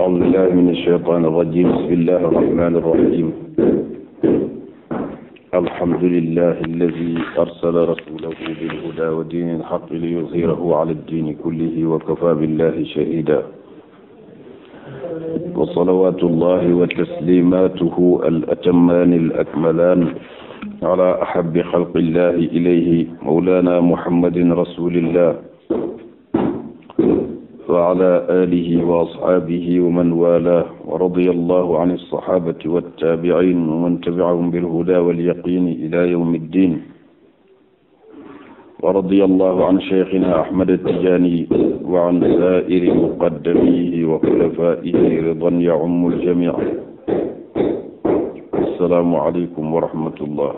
أعوذ بالله من الشيطان الرجيم بسم الله الرحمن الرحيم الحمد لله الذي أرسل رسوله بالهدى ودين الحق ليظهره على الدين كله وكفى بالله شهيدا وصلوات الله وتسليماته الأتمان الأكملان على أحب خلق الله إليه مولانا محمد رسول الله وعلى آله وأصحابه ومن والاه ورضي الله عن الصحابة والتابعين ومن تبعهم بالهدى واليقين إلى يوم الدين ورضي الله عن شيخنا أحمد التجاني وعن سائر مقدميه وخلفائه رضا يعم الجميع السلام عليكم ورحمة الله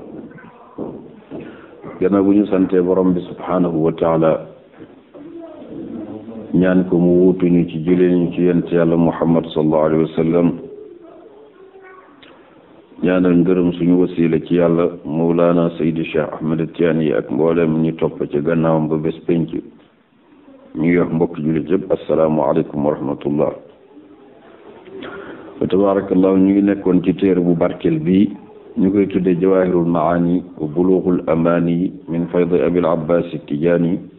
gannaaw bu ñu sante borom bi subhanahu wa taala ñaan ko mu wuutuñu ci jëlee ñu ci yent yàlla muhammad sallallahu alayhi wa sallam ñaanal ngërëm suñu wasila ci yàlla mawlaana saydi cheikh ahmed tidiane yi ak mboolem ñu topp ci gannaawam ba bés penc ñu yox mbokk jullit yëpp asalaamu aleykum wa rahmatullah wa tabarakallahu ñu ngi nekkoon ci téere bu barkel bi ñu koy tuddee jawaahirul maani wa buluuxul amaani min faydi abil abbaas tijaani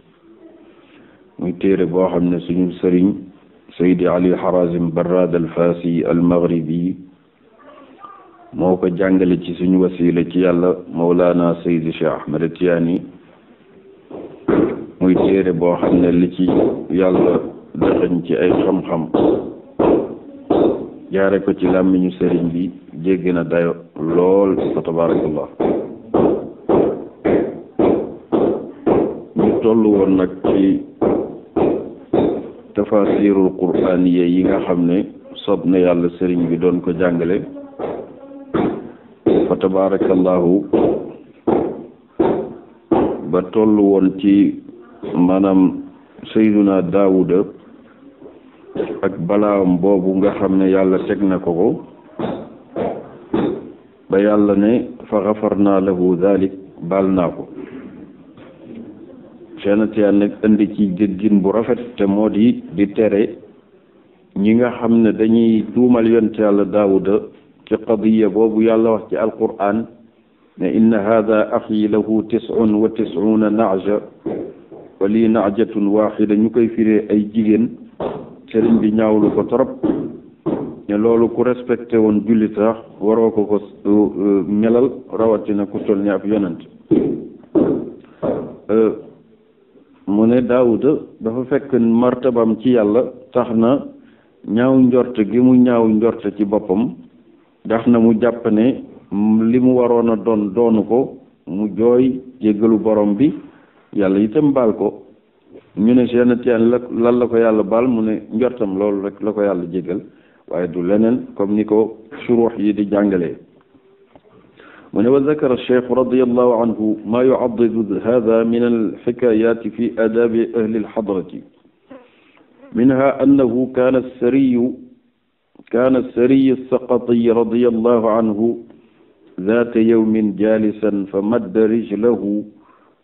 muy téere boo xam ne suñu sëriñ saydi ali harazim barrad al fasi al maghribi moo ko jàngale ci suñu wasila ci yàlla mawlaana saydi cheikh ahmed tiyaani muy téere boo xam ne li ci yàlla dëxañ ci ay xam-xam jaare ko ci làmmiñu sëriñ bi jéggi na dayo lool fa tabarakallah ñu toll woon nag ci tafasirul qur'aniya yi nga xam ne soob na yàlla sëriñ bi doon ko jàngale fa tabarakallahu ba toll woon ci maanaam sayduna daawuda ak balaam boobu nga xam ne yàlla teg na ko ko ba yàlla ne fa xafarna lahu dalik baal naa ko seenati yaa nag indi ci déggin bu rafet te moo di di tere ñi nga xam ne dañuy tuumal yonte yàlla daawuda ci qadiya boobu yàlla wax ci alquran ne inna hada axi lahu tisun wa tisuuna naaja wa lii naajatun waaxida ñu koy firee ay jigéen sëriñ bi ñaawlu ko torop ne loolu ku respecté woon jullit sax waroo ko ko euh, melal rawatina ku tol ni ab yonent euh, mu ne daawuda dafa fekk martabam ci yàlla tax na ñaaw njort gi mu ñaaw njort ci boppam tax na mu jàpp ne li mu waroon a doon doonu ko mu jooy jéggalu borom bi yàlla itam baal ko ñu ne seen teen la lan la ko yàlla baal mu ne njortam loolu rek la ko yàlla jéggal waaye du leneen comme ni ko suruux yi di jàngalee من وذكر الشيخ رضي الله عنه ما يعضد هذا من الحكايات في آداب أهل الحضرة منها أنه كان السري كان السري السقطي رضي الله عنه ذات يوم جالسا فمد رجله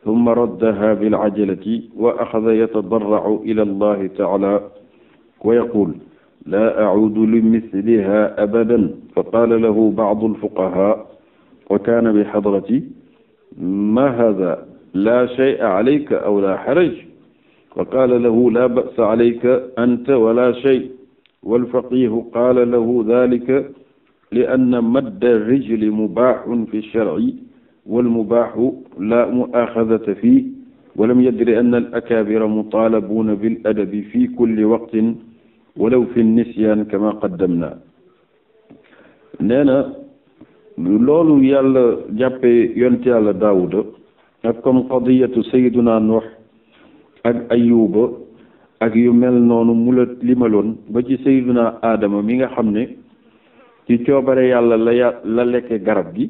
ثم ردها بالعجلة وأخذ يتضرع إلى الله تعالى ويقول لا أعود لمثلها أبدا فقال له بعض الفقهاء wa kaana bi xadrati ma hada laa shay'a alayka aw laa xaraj fa qaala lahu laa ba'sa alayka anta wala shay walfaqihu qaala lahu dalika li anna madda rijli mubaaxun fi sharci walmubaaxu laa mu'aaxadata fii walam yadri anna al-akaabira mutaalabuuna bil-adabi fii kulli waqtin walaw fi n-nisyaan kamaa qaddamnaa nee na loolu yàlla jàppee yonent yàlla daawuda ak comme qadiyatu sayiduna nuux ak ayuba ak yu mel noonu mu la limaloon ba ci sayiduna aadama mi nga xam ne ci coobare yàlla la yà la lekke garab gi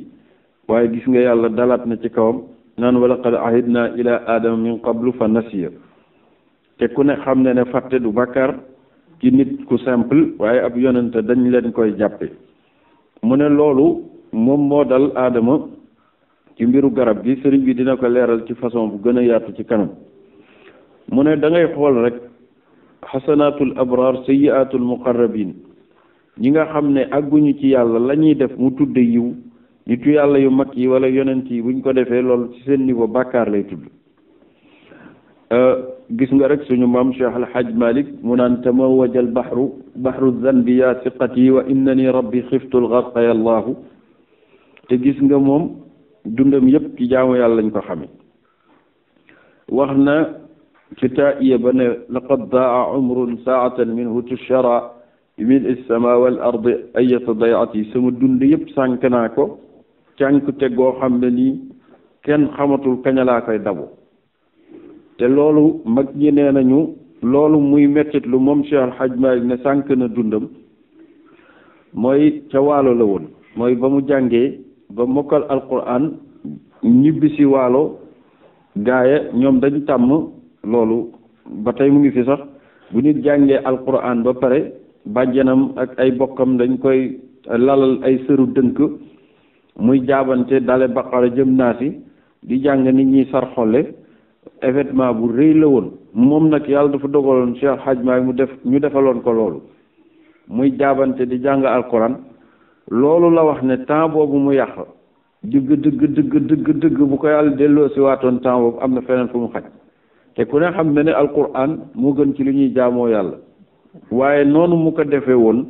waaye gis nga yàlla dalaat na ci kawam naan wa laqad ahidna ila aadama min qablu fa nasiya te ku ne xam ne ne fàtte du bàkkaar ci nit ku simple waaye ab yonente dañ leen koy jàppe mu ne loolu moom moo dal aadama ci mbiru garab gi sëriñ bi dina ko leeral ci façon bu gën a yaatu ci kanam mu ne da ngay xool rek xasanaatul abraar sayyiaatul muqarrabin ñi nga xam ne àgguñu ci yàlla lañuy def mu tudde yiw nitu yàlla yu mag yi wala yonent yi buñ ko defee loolu ci seen niveau bàkkaar lay tudd euh, gis nga rek suñu maam Cheikh Al Hadj Malick mu naan tamawajal baxru baxru zanbi yaa siqati wa innani rabbi xiftu lgarqa yallaahu te gis nga moom dundam yépp ci jaamu yàlla lañ ko xame wax na ci taiya ba ne laqad daa umrun saatan minhu tushara min as-samaa wal ardi ayata dayati sama dund yépp sànk naa ko cànk te goo xam ne nii kenn xamatul kañ laa koy dabu te loolu mag ñi nañu loolu muy mettit lu moom Cheikh Al Hadj ne sànk na dundam mooy ca waalo la woon mooy ba mu jàngee ba mokkal alquran ñibbi si waalo gaaya ñoom dañu tàmm loolu ba tey mu ngi fi sax bu nit jàngee alquran ba pare bàjjanam ak ay bokkam dañ koy lalal ay sëru dënk muy jaabante dale baqara jëm naa di jàng nit ñi sarxole événement bu rëy la woon moom nag yàlla dafa dogaloon Cheikh Hadj Maay mu def ñu defaloon ko loolu muy jaabante di jàng alquran loolu la wax ne temps boobu mu yàq dëgg dëgg dëgg dëgg dëgg bu ko yàlla delloo si waatoon temps boobu am na feneen fu mu xaj te ku ne xam ne ne alquran moo gën ci li ñuy jaamoo yàlla waaye noonu mu ko defee woon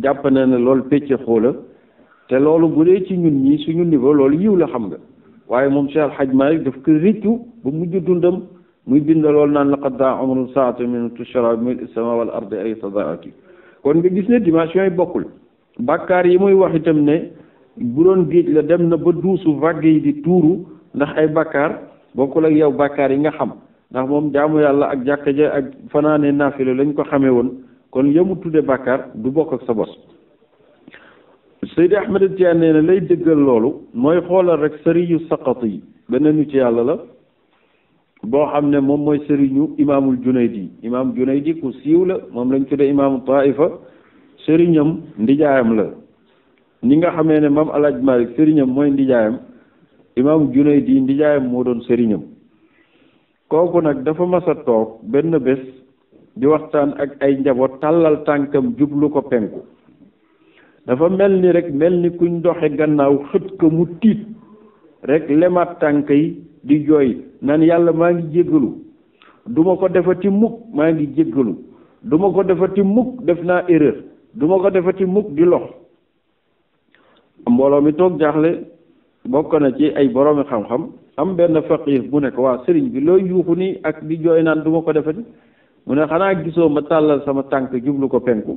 jàpp na ne loolu pécce xoola te loolu bu ci ñun ñi suñu niveau loolu yiw la xam nga waaye moom Cheikh Alhaj Malick daf ko réccu bu mujj dundam muy bind loolu naan laqad daa amru saatu min tushra min as-samaa wal ardi ay sadaati kon nga gis ne dimension yi bokkul bàkkaar yi muy wax itam ne bu doon géej la dem na ba duusu vague yi di tuuru ndax ay bàkkaar bokkul ak yow bàkkaar yi nga xam ndax moom jaamu yàlla ak jàkka ja ak fanaane naafile lañ ko xamee woon kon yemu tudde bàkkaar du bokk ak sa bos Seydi Ahmed Tidiane nee na lay dëggal loolu mooy xoolal rek sëriñu saqat yi beneen ñu ci yàlla la boo xam ne moom mooy sëriñu imaamul Junaydi imaam Junaydi ku siiw la moom lañ tuddee imaamu Taifa sëriñam ndijaayam la ni nga xamee ne maam alaaj Malick sëriñam mooy ndijaayam imaam Junayd ndijaayam moo doon sëriñam kooku nag dafa mas a toog benn bés di waxtaan ak ay njaboot tàllal tànkam jublu ko penku dafa mel ni rek mel ni kuñ doxe gannaaw xët ko mu tiit rek lemaat tànk yi di jooy naan yàlla maa ngi jéggalu duma ko defati mukk maa ngi jéggalu duma ko defati mukk def naa erreur du ma ko defati mukk di lox mbooloo mi toog jaaxle bokk na ci ay boroomi xam-xam am benn faqir bu nekk waa sëriñ bi looy yuuxu nii ak di jooy naan duma ko defati mu ne xanaa gisoo ma tàllal sama tànk jublu ko penku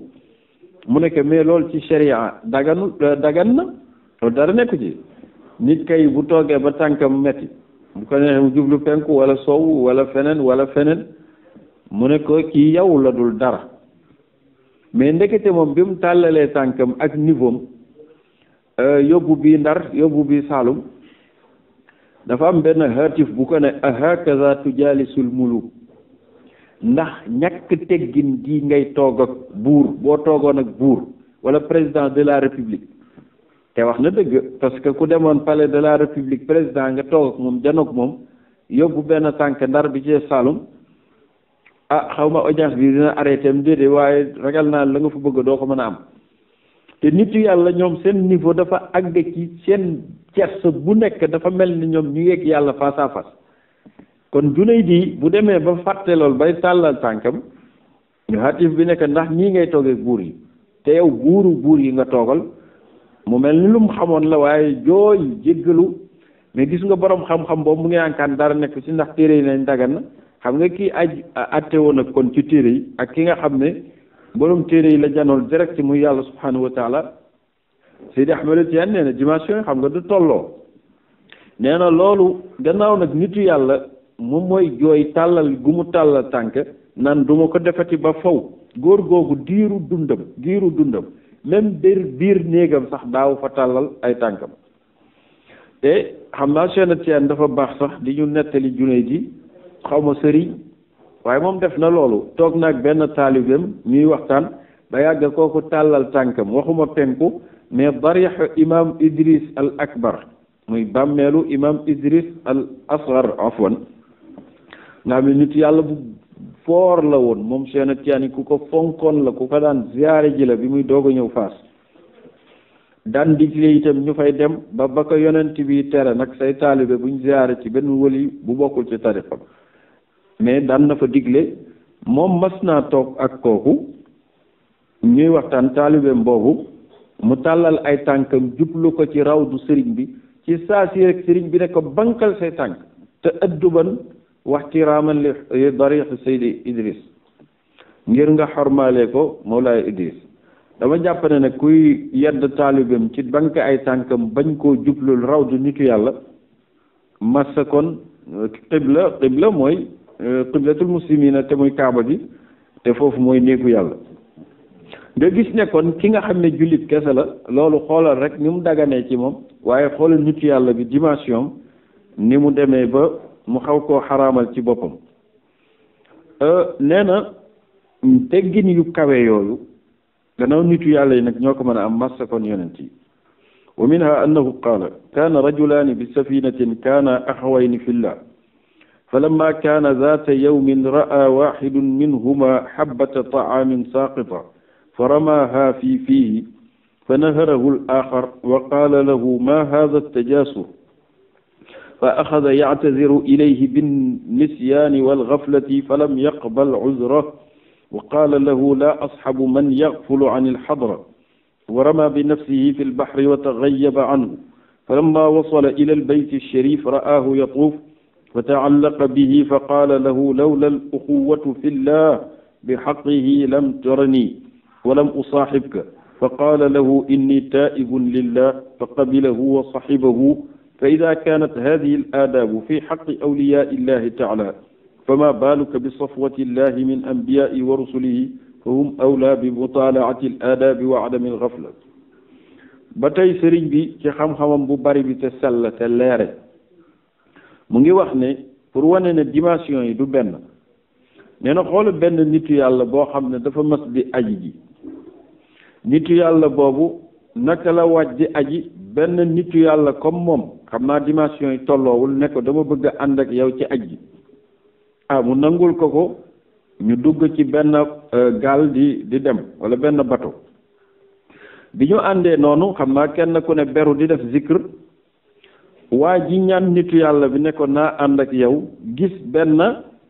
mu nekk ko mais loolu ci sharia daganu euh, dagan na loolu dara nekku ci nit kay bu toogee ba tànkam metti mu ko neexee mu jublu penku wala soow wala feneen wala feneen mu ne ko kii yow la dul dara mais ndekete moom bi mu tàllalee tànkam ak niveau am euh, yóbbu bi ndar yóbbu bi saalum dafa am benn haatif bu ko ne ahakaza tujaalisul muluk ndax ñàkk teggin gi ngay toog ak buur boo toogoon ak buur wala président de la république te wax na dëgg parce que ku demoon palais de la république président nga toog ak moom janoog moom yóbbu benn tànk ndar bi ci Saloum ah xaw ma audience bi dina arrêté am déedéet waaye ragal naa la nga fa bëgg doo ko mën a am te nit yàlla ñoom seen niveau dafa àgg ci seen cerce bu nekk dafa mel ni ñoom ñu yegg yàlla face à face kon junay di bu demee ba fàtte lool bay tàllal tànkam ñu xatif bi nekk ndax nii ngay toogee buur yi te yow buuru buur yi nga toogal mu mel ni lu mu xamoon la waaye jooy jéggalu mais gis nga boroom xam-xam boobu mu ngi ànkaan dara nekk ci ndax téere yi nañ dagan na xam nga kii aj atte woon ak kon ci téere yi ak ki nga xam ne borom téere yi la janool direct muy yàlla subhanahu wa taala Seydi Ahmada Tijaan nee na dimension xam nga du tolloo nee na loolu gannaaw nag nitu yàlla moom mooy jooy tàllal gu mu tàllal tànk nan duma ko defati ba faw góor googu diiru dundam diiru dundam même biir biir néegam sax daaw fa tàllal ay tànkam te xam naa Seydina Tijaan dafa baax sax di ñu nettali junne ji xaw ma sëriñ waaye moom def na loolu toog naag benn taalibeem ñuy waxtaan ba yàgg kooku tàllal tànkam waxuma penku mais daryaxu imam idris al akbar muy bàmmeelu imam idris al asgar afwan nga xam nit yàlla bu foor la woon moom Seexna Tijaani ku ko fonkoon la ku ko daan ziyaare ji la bi muy doog a ñëw faas daan digle itam ñu fay dem ba ba ko yonent bi tere nag say taalibe buñ ziyaare ci benn wëli bu bokkul ci tariqa mais daan na fa digle moom mas naa toog ak kooku ñuy waxtaan taalibeem boobu mu tàllal ay tànkam jublu ko ci raw rawdu sëriñ bi ci saa si rek sëriñ bi ne ko bankal say tànk te adduban waxtiraaman li dariixi saydi Idris ngir nga xormaale ko moo Mawlaay Idris dama jàpp ne nag kuy yedd taalibeem ci bank ay tànkam bañ koo jublul rawdu nitu yàlla massa kon xibla xibla mooy Euh, qiblatul muslimina te muy kaaba bi te foofu mooy néegu yàlla nga gis ne ki nga xam ne jullit kese la loolu xoolal rek ni mu daganee ci moom waaye xoolal nitu yàlla bi dimension ni mu demee ba mu xaw ko xaramal ci boppam euh, nee na teggin yu kawee yooyu gannaaw nitu yàlla yi nag ñoo ko mën a am massa kon yonent yi wa minha annahu qaala kaana rajulaani bi safinatin kaana axawayni fillah فلما كان ذات يوم رأى واحد منهما حبة طعام ساقطة فرماها في فيه فنهره الآخر وقال له ما هذا التجاسر فأخذ يعتذر إليه بالنسيان والغفلة فلم يقبل عذره وقال له لا أصحب من يغفل عن الحضرة ورمى بنفسه في البحر وتغيب عنه فلما وصل إلى البيت الشريف رآه يطوف fa taallaqa bihi fa qaala lahu lawla al uxuwatu fi llah bi xaqihi lam tarani wa lam usaaxibka fa qaala lahu inni taa'ibun lillah fa qabilahu wa saxibahu fa ida kaanat hadihi al aadaabu fi xaqi awliyaai illahi taala fama baaluka bi safwati illahi min anbiyaai wa rusulihi fa hum awlaa bi mutaalaati al aadaabi wa adami al gafla ba tey sëriñ bi ci xam-xamam bu bari bi te sell te leere mu ngi wax ne pour wane ne dimension yi du benn nee na xoolu benn nitu yàlla boo xam ne dafa mas di aji ji nitu yàlla boobu naka la waaj di aji benn nitu yàlla comme moom xam naa dimension yi tolloowul ne ko dama bëgg a ànd ak yow ci aji ah mu nangul ko ko ñu dugg ci benn euh, gaal di di dem wala benn bato bi ñu àndee noonu xam naa kenn ku ne beru di def zikr waa ji ñaan nitu yàlla bi ne ko naa ànd ak yow gis benn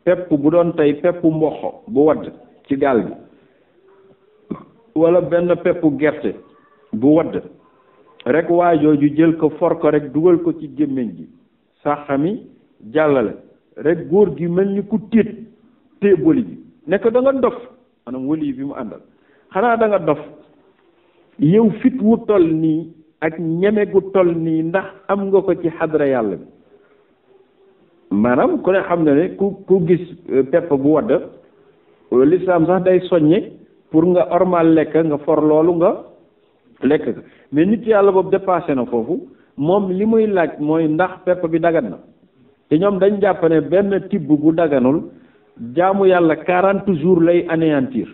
pepp bu doon tey peppu mboq bu wadd ci gaal gi wala benn peppu gerte bu wadd rek waa jooju jël ko for rekk dugal ko ci gémmiñ gi saxami jàllale rek góor gi mel ni ku tiit téeboli bi ne ko da dof maanaam wëli bi mu àndal xanaa danga nga dof yow fit wu nii ak ñeme gu toll nii ndax am nga ko ci xadra yàlla bi maanaam ku ne xam na ne ku ku gis euh, pepp bu wadd lislaam sax day soññe pour nga ormal lekk nga for loolu nga lekk mais nit yàlla boobu dépassé na foofu moom li muy laaj mooy ndax pepp bi dagan na te ñoom dañ jàpp benn tibb bu daganul jaamu yàlla quarante jours lay anéantir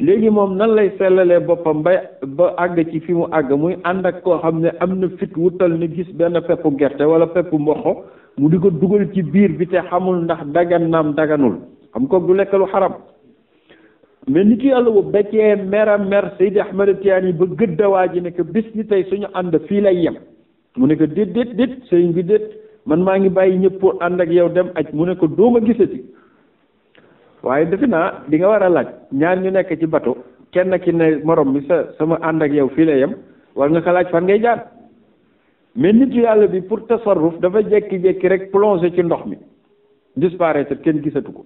léegi moom nan lay sellalee boppam ba ba àgg ci fi mu àgg muy ànd ak koo xam ne am na fit wutal ni gis benn peppu gerte wala peppu mboqo mu di ko dugal ci biir bi te xamul ndax dagan daganul am ko du lekk lu xaram mais nit yàlla bu beccee mera mer Seydi Ahmed yi ba gëddawaa ji ne que bis ni tey suñu ànd fii lay yem mu nekk ko déet déet déet bi déet man maa ngi bàyyi ñëpp ànd ak yow dem aj mu ne ko dooma gisati waaye defe naa nga war a laaj ñaar ñu nekk ci bato kenn ki ne moroom mi sa sama ànd ak yow fii la yem war nga ko laaj fan ngay jaar mais nitu yàlla bi pour tasarruf dafa jékki-jékki rek plongé ci ndox mi disparaître kenn gisatu ko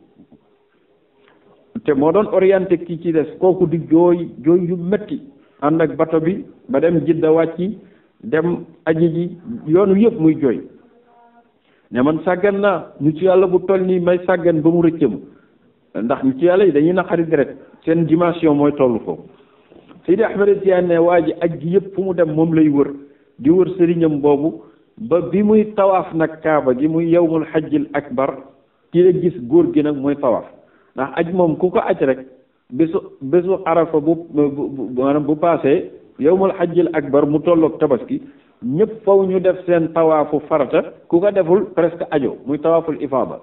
te moo doon orienté ki ci des kooku di jooy jooy yu metti ànd ak bato bi ba dem jidda wàcci dem aji ji yoonu yëpp muy jooy ne man sàggan naa nitu yàlla bu toll nii may sàggan ba mu rëccam ndax nit yàlla yi dañuy naqari deret seen dimension mooy tollu foofu Seydi Ahmed Tidiane ne waa ji aj gi yëpp fu mu dem moom lay wër di wër sëriñam boobu ba bi muy tawaaf nag kaaba gi muy yowmul xajjil akbar ci la gis góor gi nag mooy tawaaf ndax aj moom ku ko aj rek bésu bésu arafa bu maanaam bu paasee yowmul xajjil akbar mu tolloog tabaski ñëpp faw ñu def seen tawaafu farata ku ko deful presque ajo muy tawaaful ifaada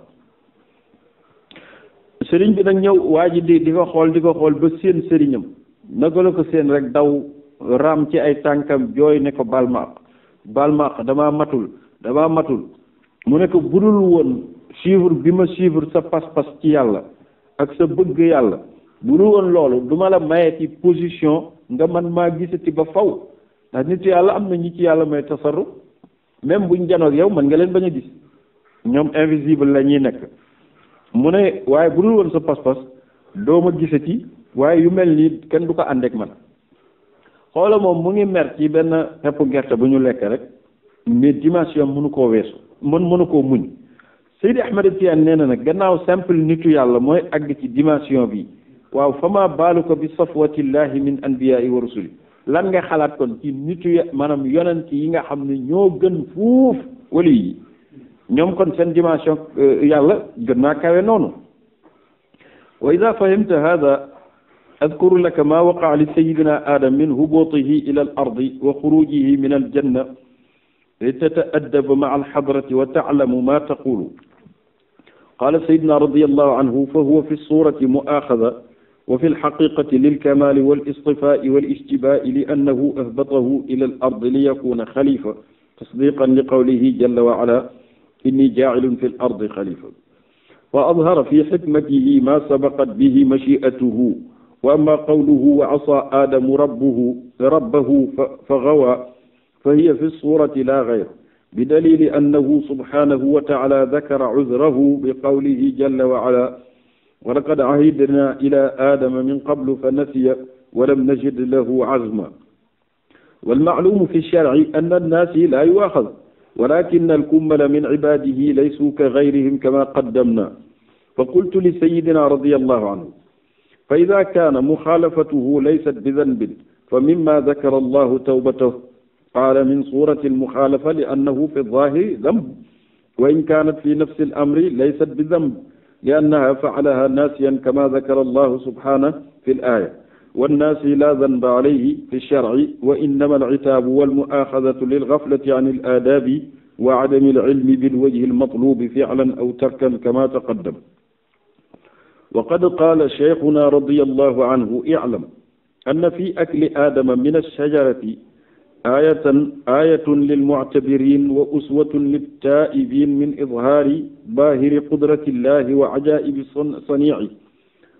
sëriñ bi nag ñëw waa ji di di ko xool di ko xool ba seen sëriñam naka la ko seen rek daw raam ci ay tànkam jooy ne ko balmaaq balmaaq dama matul dama matul mu ne ko budul woon suivre bi ma suivre sa pas-pas ci yàlla ak sa bëgg yàlla budul woon loolu du ma la mayee ci position nga man maa gisati ba faw ndax nit yàlla am na ñi ci yàlla may tasarruf même buñ janoog yow mën nga leen bañ a gis ñoom invisible la ñuy nekk mu ne waaye bu dul woon sa pas-pas doo ma gisati waaye yu mel nii kenn du ko ànd ak man xoola moom mu ngi mer ci benn xepp gerte bu ñu lekk rek mais dimension mënu koo weesu mën mënu koo muñ Seydi Ahmed Tidiane nee na nag gannaaw simple nitu yàlla mooy àgg ci dimension bi waaw fama baalu ko bi safwatillahi min anbiyaai wa rusuli lan nga xalaat kon ci nitu maanaam yonent yi nga xam ne ñoo gën fuuf wali yi ñoom kon seen dimension euh, yàlla gën naa kawe noonu wa ida fahimta hada adkuru laka ma waqaa li sayidina adam min hubutihi ila al ardi wa xurujihi min al janna li tata'addaba maa alxadrati wa taalamu ma taqulu qaala sayidina radiallahu anhu fa huwa fi surati muaxada wa fi alxaqiqati lilkamali walistifai walistibai li annahu ahbatahu ila al ardi liyakuna xalifa tasdiqan li qawlihi jalla wa ala inni jaailun fi l ardi xalifa wa adhara fi xikmatihi ma sabaqat bihi machiatuhu wa amma qawluhu wa asa aadamu rabbuhu rabbahu fa gawa fa hiya fi surati la gayr bi dalili annahu subhanahu wa taala dakara cudhrahu bi qawlihi jalla wa ala wa laqad ahidna ila aadama min qablu fa nasiya wa lam najid lahu azma wal maalumu fi sharci anna annaasi la yuaxaz walakin alkummala min ibadihi laysu ka gayrihim kama qaddamna fa qultu li sayidina radiallahu anhu fa ida kaana muxaalafatuhu laysat bi danbin fa mimma dakara allahu tawbatahu qaala min surati almuxaalafa li annahu fi zahiri damb wa in kaanat fi nafsi alamri laysat bi damb li annaha faalaha naasiyan kama dakara allahu subhanahu fi l aaya wannaasi laa danba alayhi fi sharci wa innama alcitaabu walmuaaxadatu lilgaflati an alaadaabi wa adami alcilmi bilwajhi almatlubi ficlan aw tarkan kama taqaddam wa qad qaala cheikhuna radi allahu anhu iclam anna fi akli aadama min alshajarati aayatan aayatun lilmuctabirin wa uswatun littaa'ibin min idhaari baahiri qudrati illahi wa cajaa'ibi saniici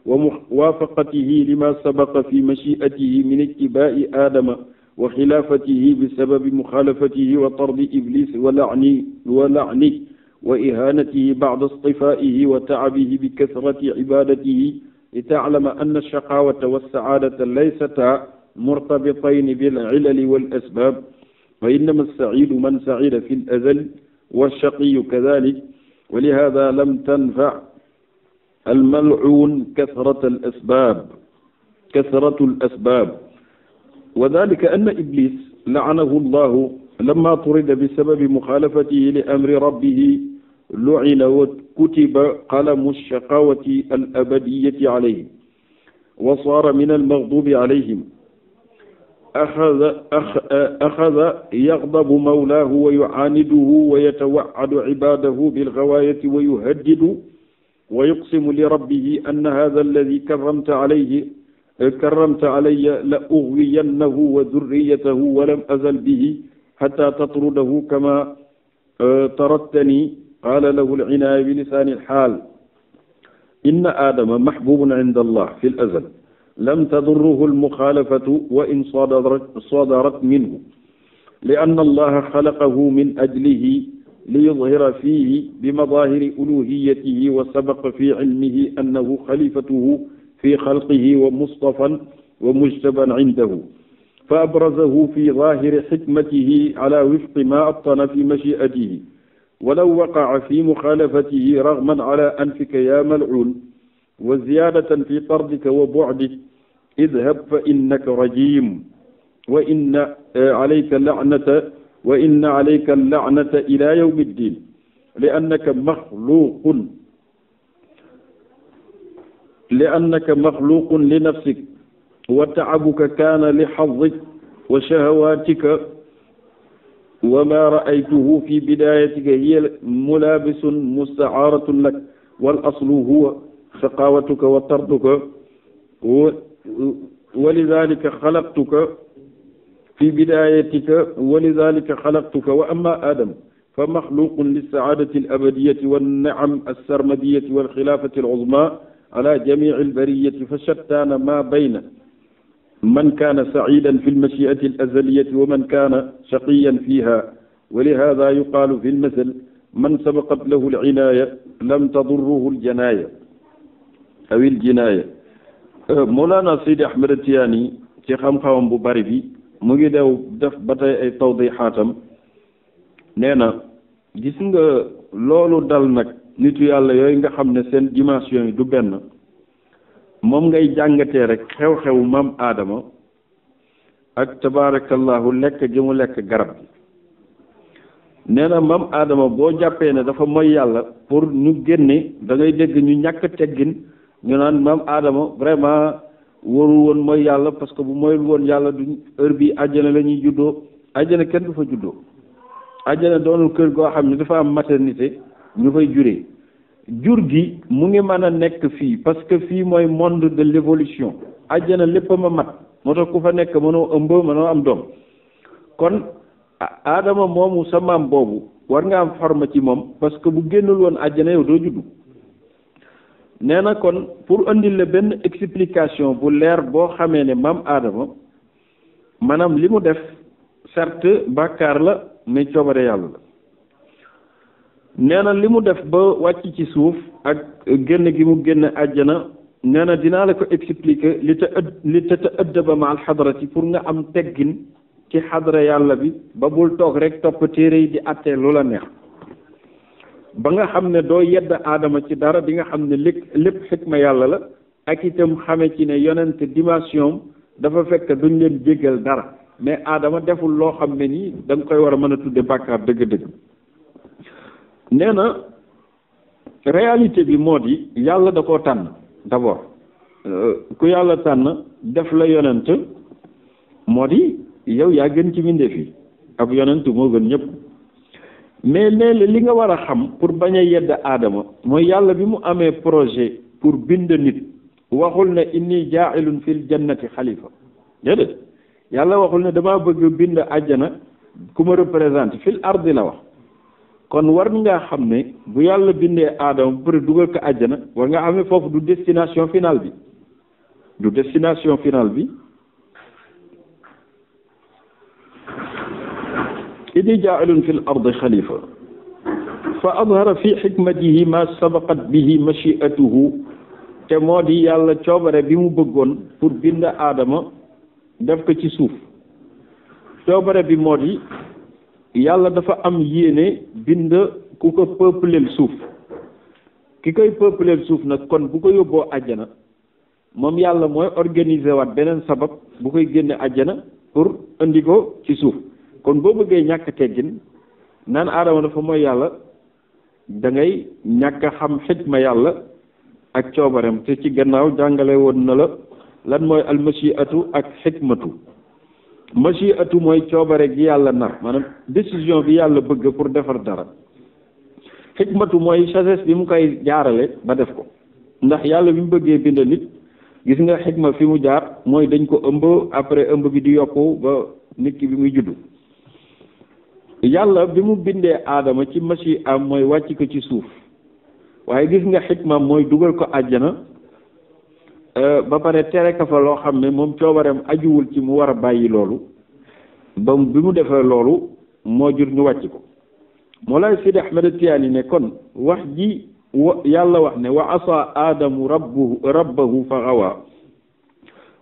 وموافقته لما سبق في مشيئته من اتباع آدم وخلافته بسبب مخالفته وطرد إبليس ولعنه ولعنه وإهانته بعد اصطفائه وتعبه بكثرة عبادته لتعلم أن الشقاوة والسعادة ليستا مرتبطين بالعلل والأسباب وإنما السعيد من سعيد في الأزل والشقي كذلك ولهذا لم تنفع الملعون كثرة الأسباب كثرة الأسباب وذلك أن إبليس لعنه الله لما طرد بسبب مخالفته لأمر ربه لعن وكتب قلم الشقاوة الأبدية عليه وصار من المغضوب عليهم أخذ أخ أخذ يغضب مولاه ويعانده ويتوعد عباده بالغواية ويهدد wa yuqsimu li rabbihi anna hadha alladi karramta alayhi karramta alayya la ughwiyannahu wa dhurriyatahu wa lam azal bihi hatta tatrudahu kama tarattani qaala lahu alcinaaya bi lisaani alxaal inna aadama maxbubun inda allah fi alazal lam tadurruhu almuxaalafatu wa in sadarat sadarat minhu li anna allaha xalaqahu min ajlihi ليظهر فيه بمظاهر ألوهيته وسبق في علمه أنه خليفته في خلقه ومصطفى ومجتبى عنده فأبرزه في ظاهر حكمته على وفق ما أبطن في مشيئته ولو وقع في مخالفته رغما على أنفك يا ملعون وزيادة في طردك وبعدك اذهب فإنك رجيم وإن عليك لعنة wa inna alayka laanata ila yawmi ddin li annaka maxluqun li annaka maxluqun li nafsik wa taabuka kaana li xadik wa shahawatika wa ma raaytuhu fi bidayatika hiya mulaabisun mustaaratun lak wal aslu huwa shaqawatuka wa tarduka wa lidalika xalaqtuka fi bidayatika wa lidalika xalaqtuka wa amma adam fa maxluqun lisaadati alabadiyati wannaam alsarmadiyati walxilaafati aluzma ala jamici albariyati fa shattaana ma bayna man kaana sacidan fi almashiati alazaliyati wa man kaana shaqiyan fiha wa lihada yuqaalu fi almasal man sabaqat lahu alcinaaya lam tadurruhu aljanaaya aw iljinaaya Mawlana Seydi Ahmed Tijaani ci xam-xamam bu bari bi mu ngi dew def ba tey ay tawdixaatam nee na gis nga loolu dal nag nitu yàlla yooyu nga xam ne seen dimension yi du benn moom ngay jàngatee rek xew xew maam aadama ak tabaarakallahu lekk gi mu lekk garab gi nee na maam aadama boo jàppee ne dafa moy yàlla pour ñu génne da dégg ñu ñàkk teggin ñu naan maam aadama vraiment warul woon mooy yàlla parce que bu moyul woon yàlla duñ heure bi àjjana la ñuy juddoo àjjana kenn du fa juddoo àjjana doonul kër goo xam ne dafa am maternité ñu fay juree jur gi mu ngi mën a nekk fii parce que fii mooy monde de l'évolution àjjana lépp a ma mat moo tax ku fa nekk mënoo ëmb mënoo am doom kon aadama moomu sa maam boobu war nga am xorma ci moom parce que bu génnul woon àjjana yow doo juddu nee na kon pour andil la benn explication bu leer boo xamee ne maam aadama maanaam li mu def certes bàkkaar la mais coobare yàlla la nee na li mu def ba wàcc ci suuf ak génn gi mu génn àjjana nee dinaa la ko expliquer li ta ëdd li ta ta ëdd ba maal xadarati pour nga am teggin ci xadara yàlla bi ba bul toog rek topp téere yi di attee lu la neex ba nga xam ne doo yedd aadama ci dara di nga xam ne lékk lépp xet ma yàlla la ak itam xame ci ne yonent dimension dafa fekk duñ leen jéggal dara mais aadama deful loo xam ne nii da nga koy war a mën a tudde bàkkaar dëgg-dëgg nee na réalité bi moo di yàlla da koo tànn d'abord euh, ku yàlla tànn def la yonent moo di yow yaa gën ci mbindeef yi ab yonent moo gën ñëpp mais léeg li nga war a xam pour bañ a yedd aadama mooy yàlla bi mu amee projet pour bind nit waxul ne inni jaailun fil jannati xalifa déedéet yàlla waxul ne dama bëgg bind àjjana ku ma représenté fil ardi la wax kon war ngaa xam ne bu yàlla bindee aadama bu pare dugal ko àjjana war nga amee foofu du destination finale bi du destination final bi إني جاعل في الأرض خليفة فأظهر bi حكمته ما سبقت به مشيئته te moo di yàlla coobare bi mu bëggoon pour bind aadama def ko ci suuf coobare bi moo di yàlla dafa am yéene bind ku ko peupleel suuf ki koy peupleel suuf nag kon bu ko yóbboo àjjana moom yàlla mooy organiser waat beneen sabab bu koy génne àjjana pour indi ci suuf kon boo bëggee ñàkk teggin naan aadama dafa mooy yàlla dangay ñàkk a xam xikma yàlla ak coobareem te ci gannaaw jàngale woon na la lan mooy atu ak xikmatu masiatu mooy coobare gi yàlla nar maanaam décision bi yàlla bëgg pour defar dara xikmatu mooy sagesse bi mu koy jaarale ba def ko ndax yàlla bi mu bëggee bind nit gis nga xikma fi mu jaar mooy dañ ko ëmb après ëmb bi di yokku ba nit ki bi muy juddu yàlla bi mu bindee aadama ci machi am mooy wàcc ko ci suuf waaye gis nga xikma mooy dugal ko àjjana euh, ba pare tere ka fa loo xam ne moom coobareem ajuwul ci mu war a bàyyi loolu ba bi mu defee loolu moo jur ñu wàcc ko Moolay Sidi Ahmed Tiyaani ne kon wax ji wa yàlla wax ne wa asa aadamu rabbuhu rabbahu fa xawaa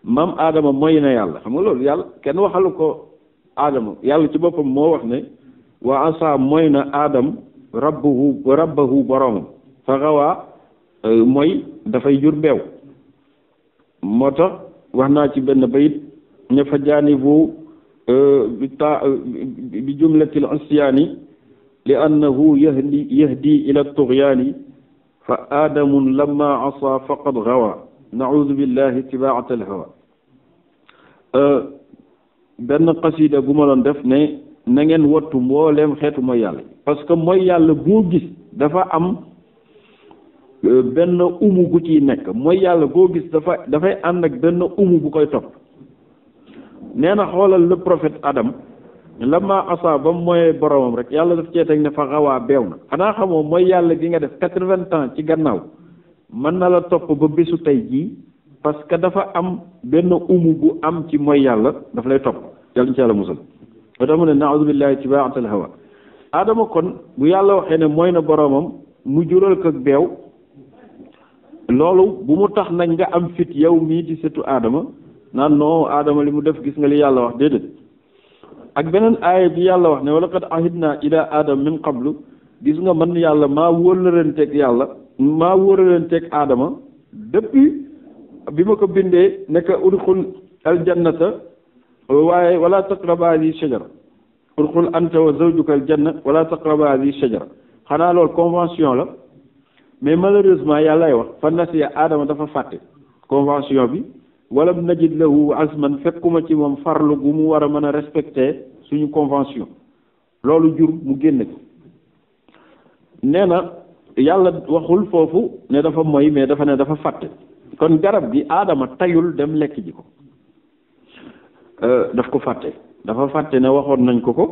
maam aadama mooy na yàlla xam nga loolu yàlla kenn waxalu ko aadama yàlla ci boppam moo wax ne wa asa mooy na aadam rabbuhu rabbahu boroomam fa xawaa euh, mooy dafay jur beew moo tax wax naa ci benn bayit ña fa jaanibu euh, bi ta euh, bi jumlatil isyaani li annahu yahdi yahdi ila tughyaani fa aadamun lamma asa faqad gawa naudu billahi tibaat alhawa benn qasida bu ma doon def ne na ngeen wattu mbooleem xeetu mooy yàlla parce que mooy yàlla boo gis dafa am euh, benn umu gu ciy nekk mooy yàlla boo gis dafa dafay ànd ak benn umu bu koy topp nee na xoolal le prophète Adam lamma asa ba mooy boromam rek yàlla daf cee teg ne fa xawaa beew na xanaa xamoo mooy yàlla gi nga def quatre-vingts ans ci gannaaw mën na la topp ba bésu tey jii parce que dafa am benn umu bu am ci mooy yàlla daf lay topp yàlla ci yàlla musal ba tax mu ne naawdu billahi tibaatal hawa aadama kon bu yàlla waxee ne mooy na boroomam mu jural ko beew loolu bu mu tax nag nga am fit yow mii di sëtu aadama naan non aadama li mu def gis nga li yàlla wax déedéet ak beneen aaya bi yàlla wax ne wala qad ahidna ila aadama min qablu gis nga man yàlla maa wóolalanteeg yàlla maa wóolalanteeg aadama depuis bi ma ko bindee ne ka aljannata waaye wala taqraba hadi shajara urqul anta wa zawjuka al janna wala taqraba hadi shajara xanaa loolu convention la mais malheureusement yàllaay wax fa nasiya aadama dafa fàtte convention bi walam najid lahu azman fekkuma ci moom farlu gu mu war a mën a respecter suñu convention loolu jur mu génn ko nee na yàlla waxul foofu ne dafa moy mais dafa ne dafa fàtte kon garab gi aadama tayul dem lekk ji ko Euh, daf ko fàtte dafa fàtte ne waxoon nañ ko ko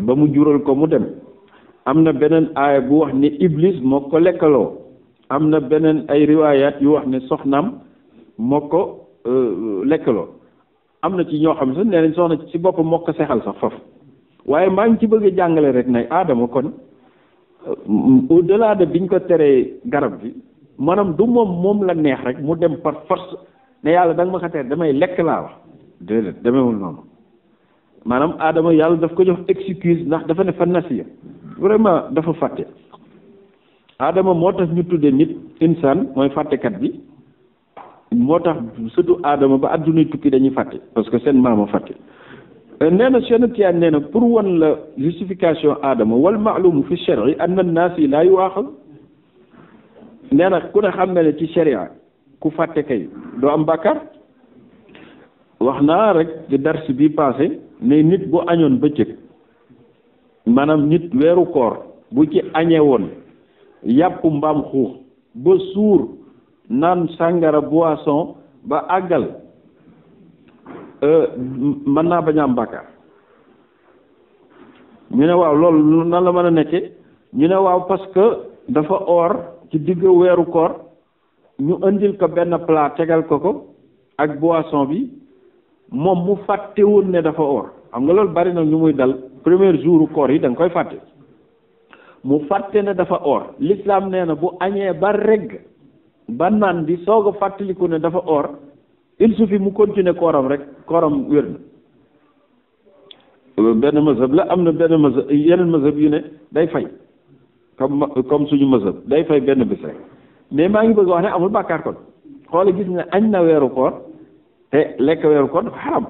ba mu jural ko mu dem am na beneen aaya bu wax ni iblis moo ko lekkaloo am na beneen ay riwaayaat yu wax ne soxnaam moo ko euh, lekkaloo am na ci ñoo xam sax nee nañ soxna ci boppam moo ko seexal sax foofu waaye maa ngi ci bëgg jàngale rek nay aadama kon euh, au delà de biñ ko teree garab bi maanaam du moom moom la neex rek mu dem par force ne yàlla danga nga ma ko tere damay lekk laa wax déedéet demewul noonu maanaam Adama yàlla daf ko jox excuse ndax dafa ne fa yi vraiment dafa fàtte Adama moo tax ñu tuddee nit insaan mooy fàttekat bi moo tax surtout Adama ba àdduna tukki dañuy fàtte parce que seen maama fàtte euh, nee na seen tiyaan nee na pour wan la justification Adama wal maalumu fi shari an annaas yi laa yuwaaxal nee na ku ne xam ne ne ci sharia ku fàtte kay doo am bàkkaar wax naa rek ci dars bi passé ne nit bu añoon bëccëg maanaam nit weeru koor bu ci añee woon yàpp mbaam xuux ba suur naan sàngara boisson ba àggal euh, man naa bañ a ñu ne waaw loolu nan la mën a nekke ñu ne waaw parce que dafa oor ci digg weeru koor ñu indil ko benn plat tegal ko ko ak boisson bi moom mu fàtte woon ne dafa or xam nga loolu bari na ñu muy dal premier jour koor yi da nga koy fàtte mu fàtte ne dafa or l'islam nee na bu añee ba regg ba naan bi soog a fàttaliku ne dafa or il suffit mu continuer kooram rek kooram wér na benn mazhab la am na benn mazhab yeneen mazhab yu ne day fay comme comme suñu mazhab day fay benn bés rek mais maa ngi bëgg wax ne amul bàkkaar kon xoole gis nga añ na weeru koor te lekk weeru koor xaram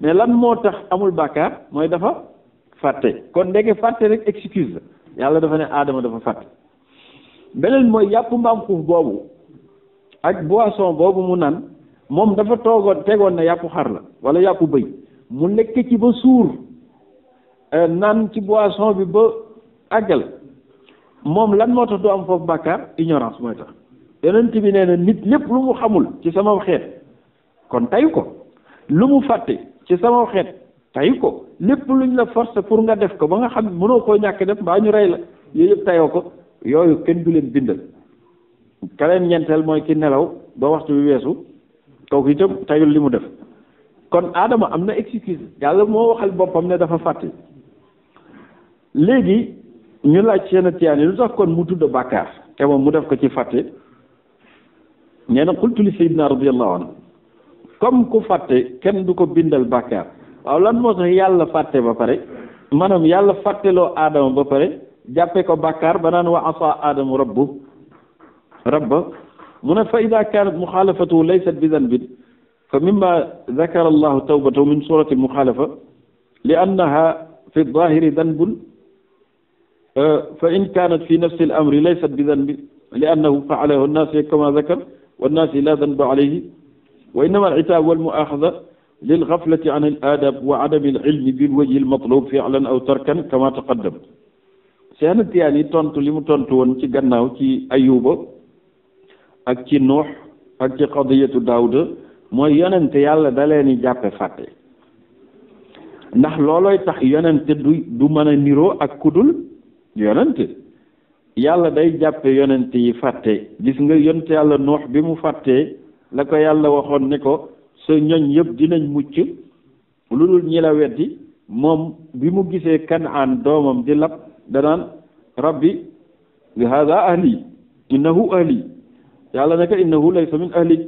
mais lan moo tax amul bàkkaar mooy dafa fàtte kon ndeke fàtte rek excuse la yàlla dafa ne aadama dafa fàtte beneen mooy yàpp mbaam xuuf boobu ak boisson boobu mu naan moom dafa toogoon tegoon na yàpp xar la wala yàpp bëy mu lekk ci ba suur euh, naan ci boisson bi ba àggal moom lan moo tax du am foofu bàkkaar ignorance mooy tax yonent bi nee na nit lépp lu mu xamul ci sama xeet kon tayu ko lu mu fàtte ci sama xeet tayu ko lépp luñ la force pour nga def ko ba nga xam mënoo koo ñàkk def mbaa ñu rey la yooyu tayoo ko yooyu kenn du leen bindal keneen ñeenteel mooy ki nelaw ba waxtu bi weesu kooku itam tayul li mu def kon aadama am na excuse yàlla moo waxal boppam ne dafa fàtte léegi ñu laaj seen tiyaan yi lu tax kon mu tudd bàkkaar te moom mu def ko ci fàtte nee na xultu li sayyidina radiyallahu anhu comme ku fàtte kenn du ko bindal bàkkaar waaw lan moo tax yàlla fàtte ba pare maanaam yàlla fàtteloo aadama ba pare jàppe ko bàkkaar ba naan wa asa aadamu rabbu rabba mu ne fa ida kaanat muxaalafatuhu laysat bi danbin fa mimma dakara allahu tawbatahu min surati muxaalafa li annaha fi dahiri danbun fa in kaanat fi nafsi al amri laysat bi danbin li annahu faalahu annaas kama dakar wa annaasi la danba alayhi wa innama al-iqaab wal mu'aaxaza lil gaflati an al-aadab wa adami al-ilmi bil wajhi al-matlub aw tarkan kama taqaddam Seexna Tijaani tontu li mu tontu woon ci gannaaw ci Ayuba ak ci Nuux ak ci qadiyatu Daawuda mooy yonente yàlla da leen di jàppe fàtte ndax loolooy tax yeneen du du mën a niroo ak kudul yonente yàlla day jàppe yonente yi fàtte gis nga yonente yàlla Nuux bi mu fàttee la ko yàlla waxoon ni ko sa ñoñ yëpp dinañ mucc lu dul ñi la weddi moom bi mu gisee kanaan doomam di lab danaan rabbi hada ahli innahu ahli yàlla na ko innahu laysa min ahli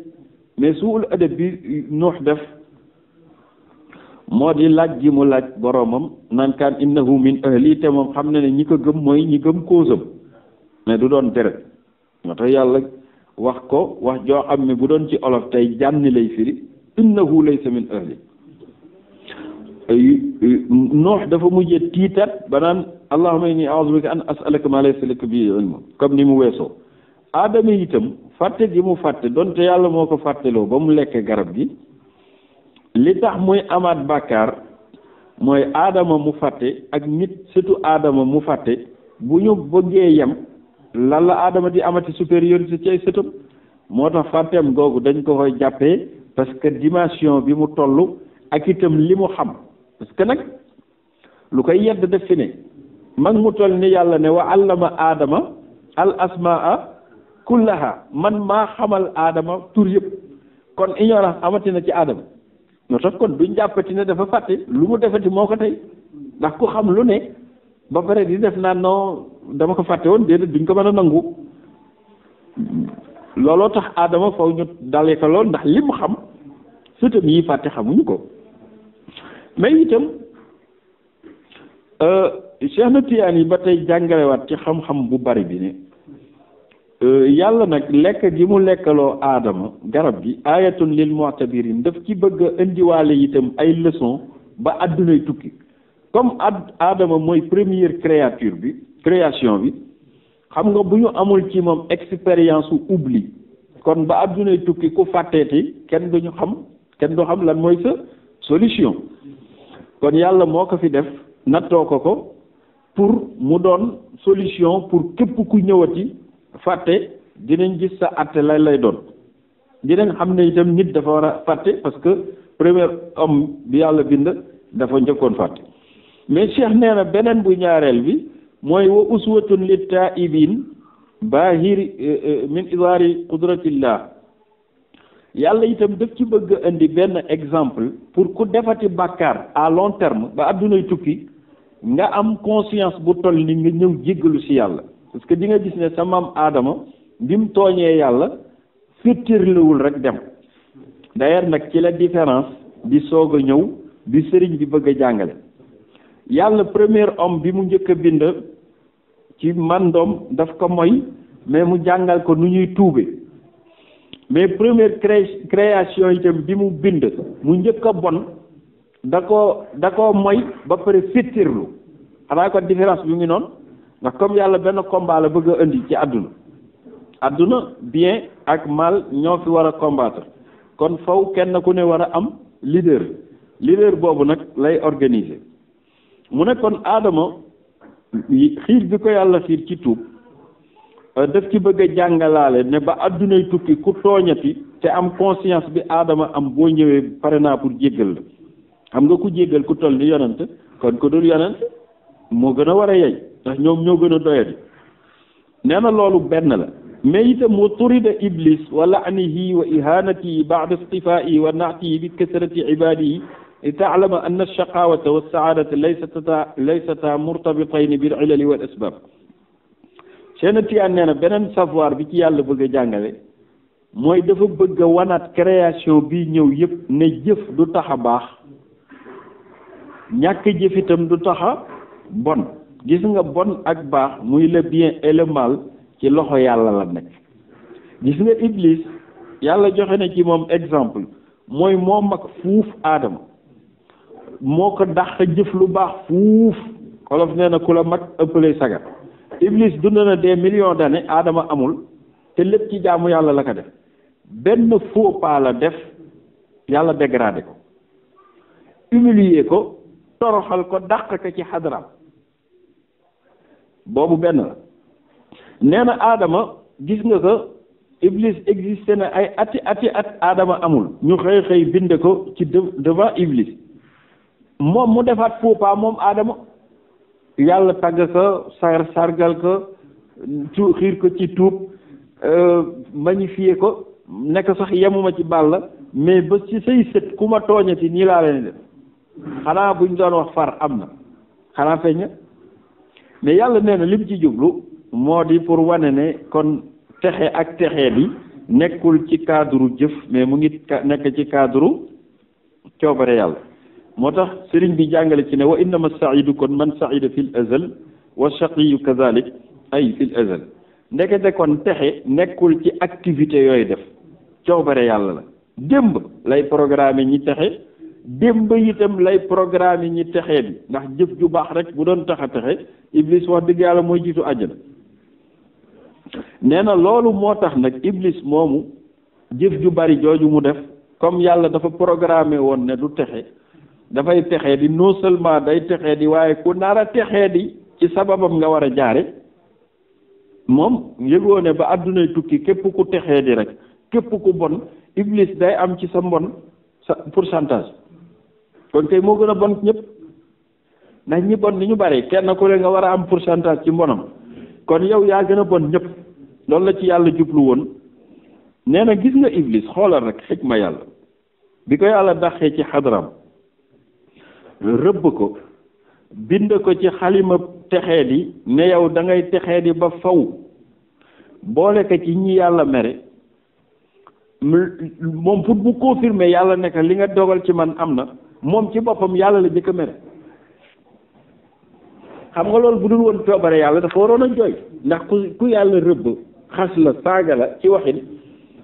mais suul adab bi nuux def moo di laaj gi mu laaj boromam naan kaan innahu min ahli te moom xam na ne ñi ko gëm mooy ñi gëm koosam mais du doon deret moo tax yàlla wax ko wax joo am ne bu doon ci olof tey jànni lay firi innahu laysa min ahli noox dafa mujjee tiitat ba naan allahumma inni a'udhu bika an as'alaka ma laysa laka bi ilmu comme ni mu weesoo aadama itam fàtte gi mu fàtte donte yàlla moo ko fàtteloo ba mu lekk garab gi li tax muy amaat bàkkaar mooy aadama mu fàtte ak nit surtout aadama mu fàtte bu ñu bëggee yem lan la aadama di amati supériorité ci ay sëtam moo tax fàtteem googu dañ ko koy jàppee parce que dimension bi mu toll ak itam li mu xam parce que nag lu koy yedd def fi ne mag mu toll ni yàlla ne wa ma aadama al asmaa kullaha man maa xamal aadama tur yëpp kon ignorance amati na ci aadama moo tax kon duñ jàppati ne dafa fàtte lu mu defati moo ko tey ndax ku xam lu ne ba pare di def naa non dama ko fàtte woon déedéet duñ ko mën a nangu looloo tax aadama faw ñu dalee ko lool ndax li xam sëtam yi fàtte xamuñu ko mais itam euh, Cheikh na Tijaan yi ba tey jàngalewaat ci xam-xam bu bari bi ne euh, yàlla nag lekk gi mu lekkaloo aadama garab gi ayatun lil mu'tabirin daf ci bëgg a indiwaale itam ay leçon ba àddunay tukki comme ad aadama mooy première créature bi création bi xam nga bu ñu amul ci moom expérience su oubli kon ba addunay tukki ku fàtteeti kenn ñu xam kenn du xam lan mooy sa solution kon yàlla moo ko fi def nattoo ko ko pour mu doon solution pour képp ku ñëwati fàtte dinañ gis sa àtte lay lay doon dinañ xam ne itam nit dafa war a fàtte parce que premier homme bi yàlla bind dafa njëkkoon fàtte mais cheikh nee na beneen bu ñaareel bi mooy wa uswatun lit taibin bahiri eh, eh, min idaari qudratillah yàlla itam daf ci bëgg indi benn exemple pour ku defati bàkkaar à long terme ba addunay tukki nga am conscience bu toll ni nga ñëw jéggalu ci yàlla parce que di nga gis ne sa maam aadama bi mu tooñee yàlla firtirliwul rek dem d'ailleurs nag ci la différence di soog a ñëw bi sëriñ bi bëgg a jàngale yàlla première homme bi mu njëkk bind ci mandoom daf ko moy mais mu jàngal ko nu ñuy tuube mais première création itam bi mu bind mu njëkk a bon da ko da ko moy ba pare fittirlu xanaa ko différence bi ngi noonu nga comme yàlla benn combat bëgg a indi ci adduna adduna bien ak mal ñoo fi war a combattre kon fow kenn ku ne war a am leader leader boobu nag lay organiser mu ne kon aadama xiir bi ko yàlla xiir ci tuub euh, daf ci bëgg a jàngalaale ne ba addunay tukki ku tooñati te am conscience bi aadama am boo ñëwee pare naa pour jéggal la xam nga ku jéggal ku toll ni yonent kon ko dul yonent moo gën a war a yey ndax ñoom ñoo gën a doyadi nee na loolu benn la mais itam wa turida iblis wa laanihi wa ihanatihi baada istifaa'i wa naatihi bi kasrati yi an أن الشقاوة والسعادة laysata laysata murtabitayni bil ilali wal asbab Cheikh Tijaan nee na beneen savoir bi ci yàlla bëgg jàngale mooy dafa bëgg wanaat création bi ñëw yëpp ne jëf du tax a baax ñàkk jëf du taxa bon gis nga bon ak baax muy le bien et ci loxo yàlla la nekk gis nga Iblis yàlla joxe na ci moom exemple mooy moom mag fuuf aadama moo ko dàq jëf lu baax fuuf xolof nee na ku la mag ëppale sagar iblis dund na des million d'années aadama amul te lépp ci jaamu yàlla la ko def benn faux def yàlla dégradé ko humilier ko toroxal ko dàq ko ci xadram boobu benn la nee na aadama gis nga ko iblis existé na ay ati ati at aadama amul ñu xëy xëy bind ko ci devant iblis moom mu defaat puupa moom aadama yàlla tagg ko sar sargal ko tu xiir ko ci tuub euh, magnifier ko nekk sax yemuma ci bàll la mais ba ci say sët ku ma tooñati nii laa leen def xanaa buñ doon wax far am na xanaa feeñ na mais yàlla nee na lim ci jublu moo di pour wane ne kon texe ak texe bi nekkul ci cadre jëf mais mu ngi nekk ci cadre coobare yàlla moo tax sëriñ bi jàngale ci ne wa innama saidu kon man saida fil azal wa shaqiyu kazalik ay fil azal ndekete kon texe nekkul ci activité yooyu def coobare yàlla la démb lay programme ñi texe démb itam lay programme ñi texee bi ndax jëf ju baax rek bu doon tax a texe iblis wax dëgg yàlla mooy jiitu àjjana nee loolu moo tax nag iblis moomu jëf ju bari jooju mu def comme yàlla dafa programmé woon ne du texe dafay texee di non seulement day texee di waaye ku nar a texee di ci sababam nga war a jaare moom yëgoo ne ba àddunay tukki képp ku texee di rek képp ku bon iblis day am ci sa mbon sa pourcentage kon kay moo gën a bon ñëpp ndax ñi bon ni ñu bare kenn ku ne nga war a am pourcentage ci mbonam kon yow yaa gën a bon ñëpp loolu la ci yàlla jublu woon nee na gis nga iblis xoolal rek xëj ma yàlla bi ko yàlla daxee ci xadaram rëbb ko bind ko ci xalima texee di ne yow dangay ngay texee di ba faw boo ko ci ñi yàlla mere moom pour bu confirmer yàlla nekk li nga dogal ci man am na moom ci boppam yàlla la jëkk a mere xam nga loolu bu dul woon coobare yàlla dafa waroon a jooy ndax ku ku yàlla rëbb xas la saaga la ci waxin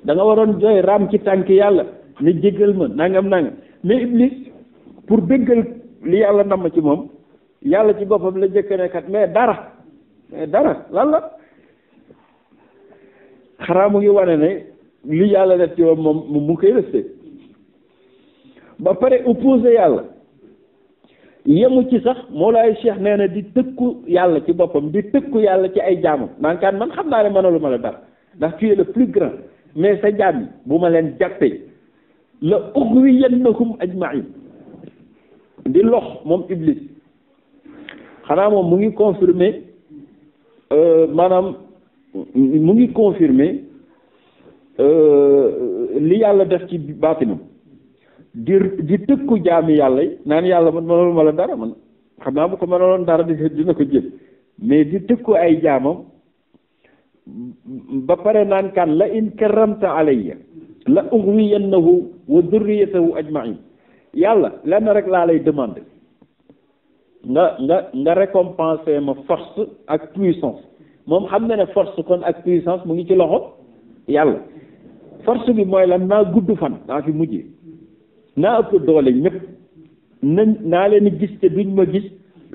da waroon jooy raam ci tànk yàlla ne jégal ma nangam nangam mais iblis pour dëggal li yàlla namm ci moom yàlla ci boppam la njëkk ne mais dara mais dara lan la xanaa mu ngi wane ne li yàlla def ci moom mu koy resté ba pare opposé yàlla yemu ci sax Mawlaay Cheikh nee na di tëkku yàlla ci boppam di tëkku yàlla ci ay jaamam man kaan man xam naa ne mënalu ma la dara ndax tu es plus grand mais sa jaam yi bu ma leen jàppee la uxwi yannahum ajmain di lox moom iblis xanaa moom mu ngi confirmer euh, maanaam mu ngi confirmer euh, li yàlla def ci baatinam di di tëkku jaami yàlla yi naan yàlla ma mënul ma la dara man xam naa bu ko mënaloon dara dina ko jël mais di tëkku ay jaamam ba pare naan kan la in karamta alayya la ughwiyannahu wa dhurriyatahu ajma'in yàlla lenn rek laa lay demander nga nga nga récompenser ma force ak puissance moom xam na ne force kon ak puissance mu ngi ci loxo yàlla force bi mooy lan naa gudd fan naa fi mujj naa ëpp doole ñëpp na naa leen gis te duñ ma gis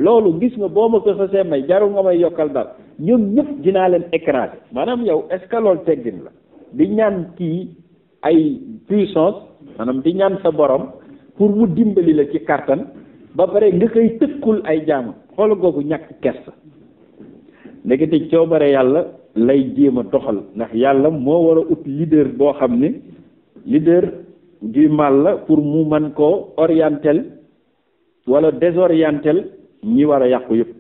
loolu gis nga boo ma ko xasee may jarul nga may yokkal daal ñoom ñëpp dinaa leen écraser maanaam yow est ce que la di ñaan kii ay puissance maanaam di ñaan sa borom pour mu dimbali la ci kàttan ba pare nga koy tëkkul ay jaamam xool googu ñàkk kersa ndekete coobare yàlla lay jéem a doxal ndax yàlla moo war a ut leader boo xam ne leader du mal la pour mu man koo orientel wala désorientel ñi war a yàqu yëpp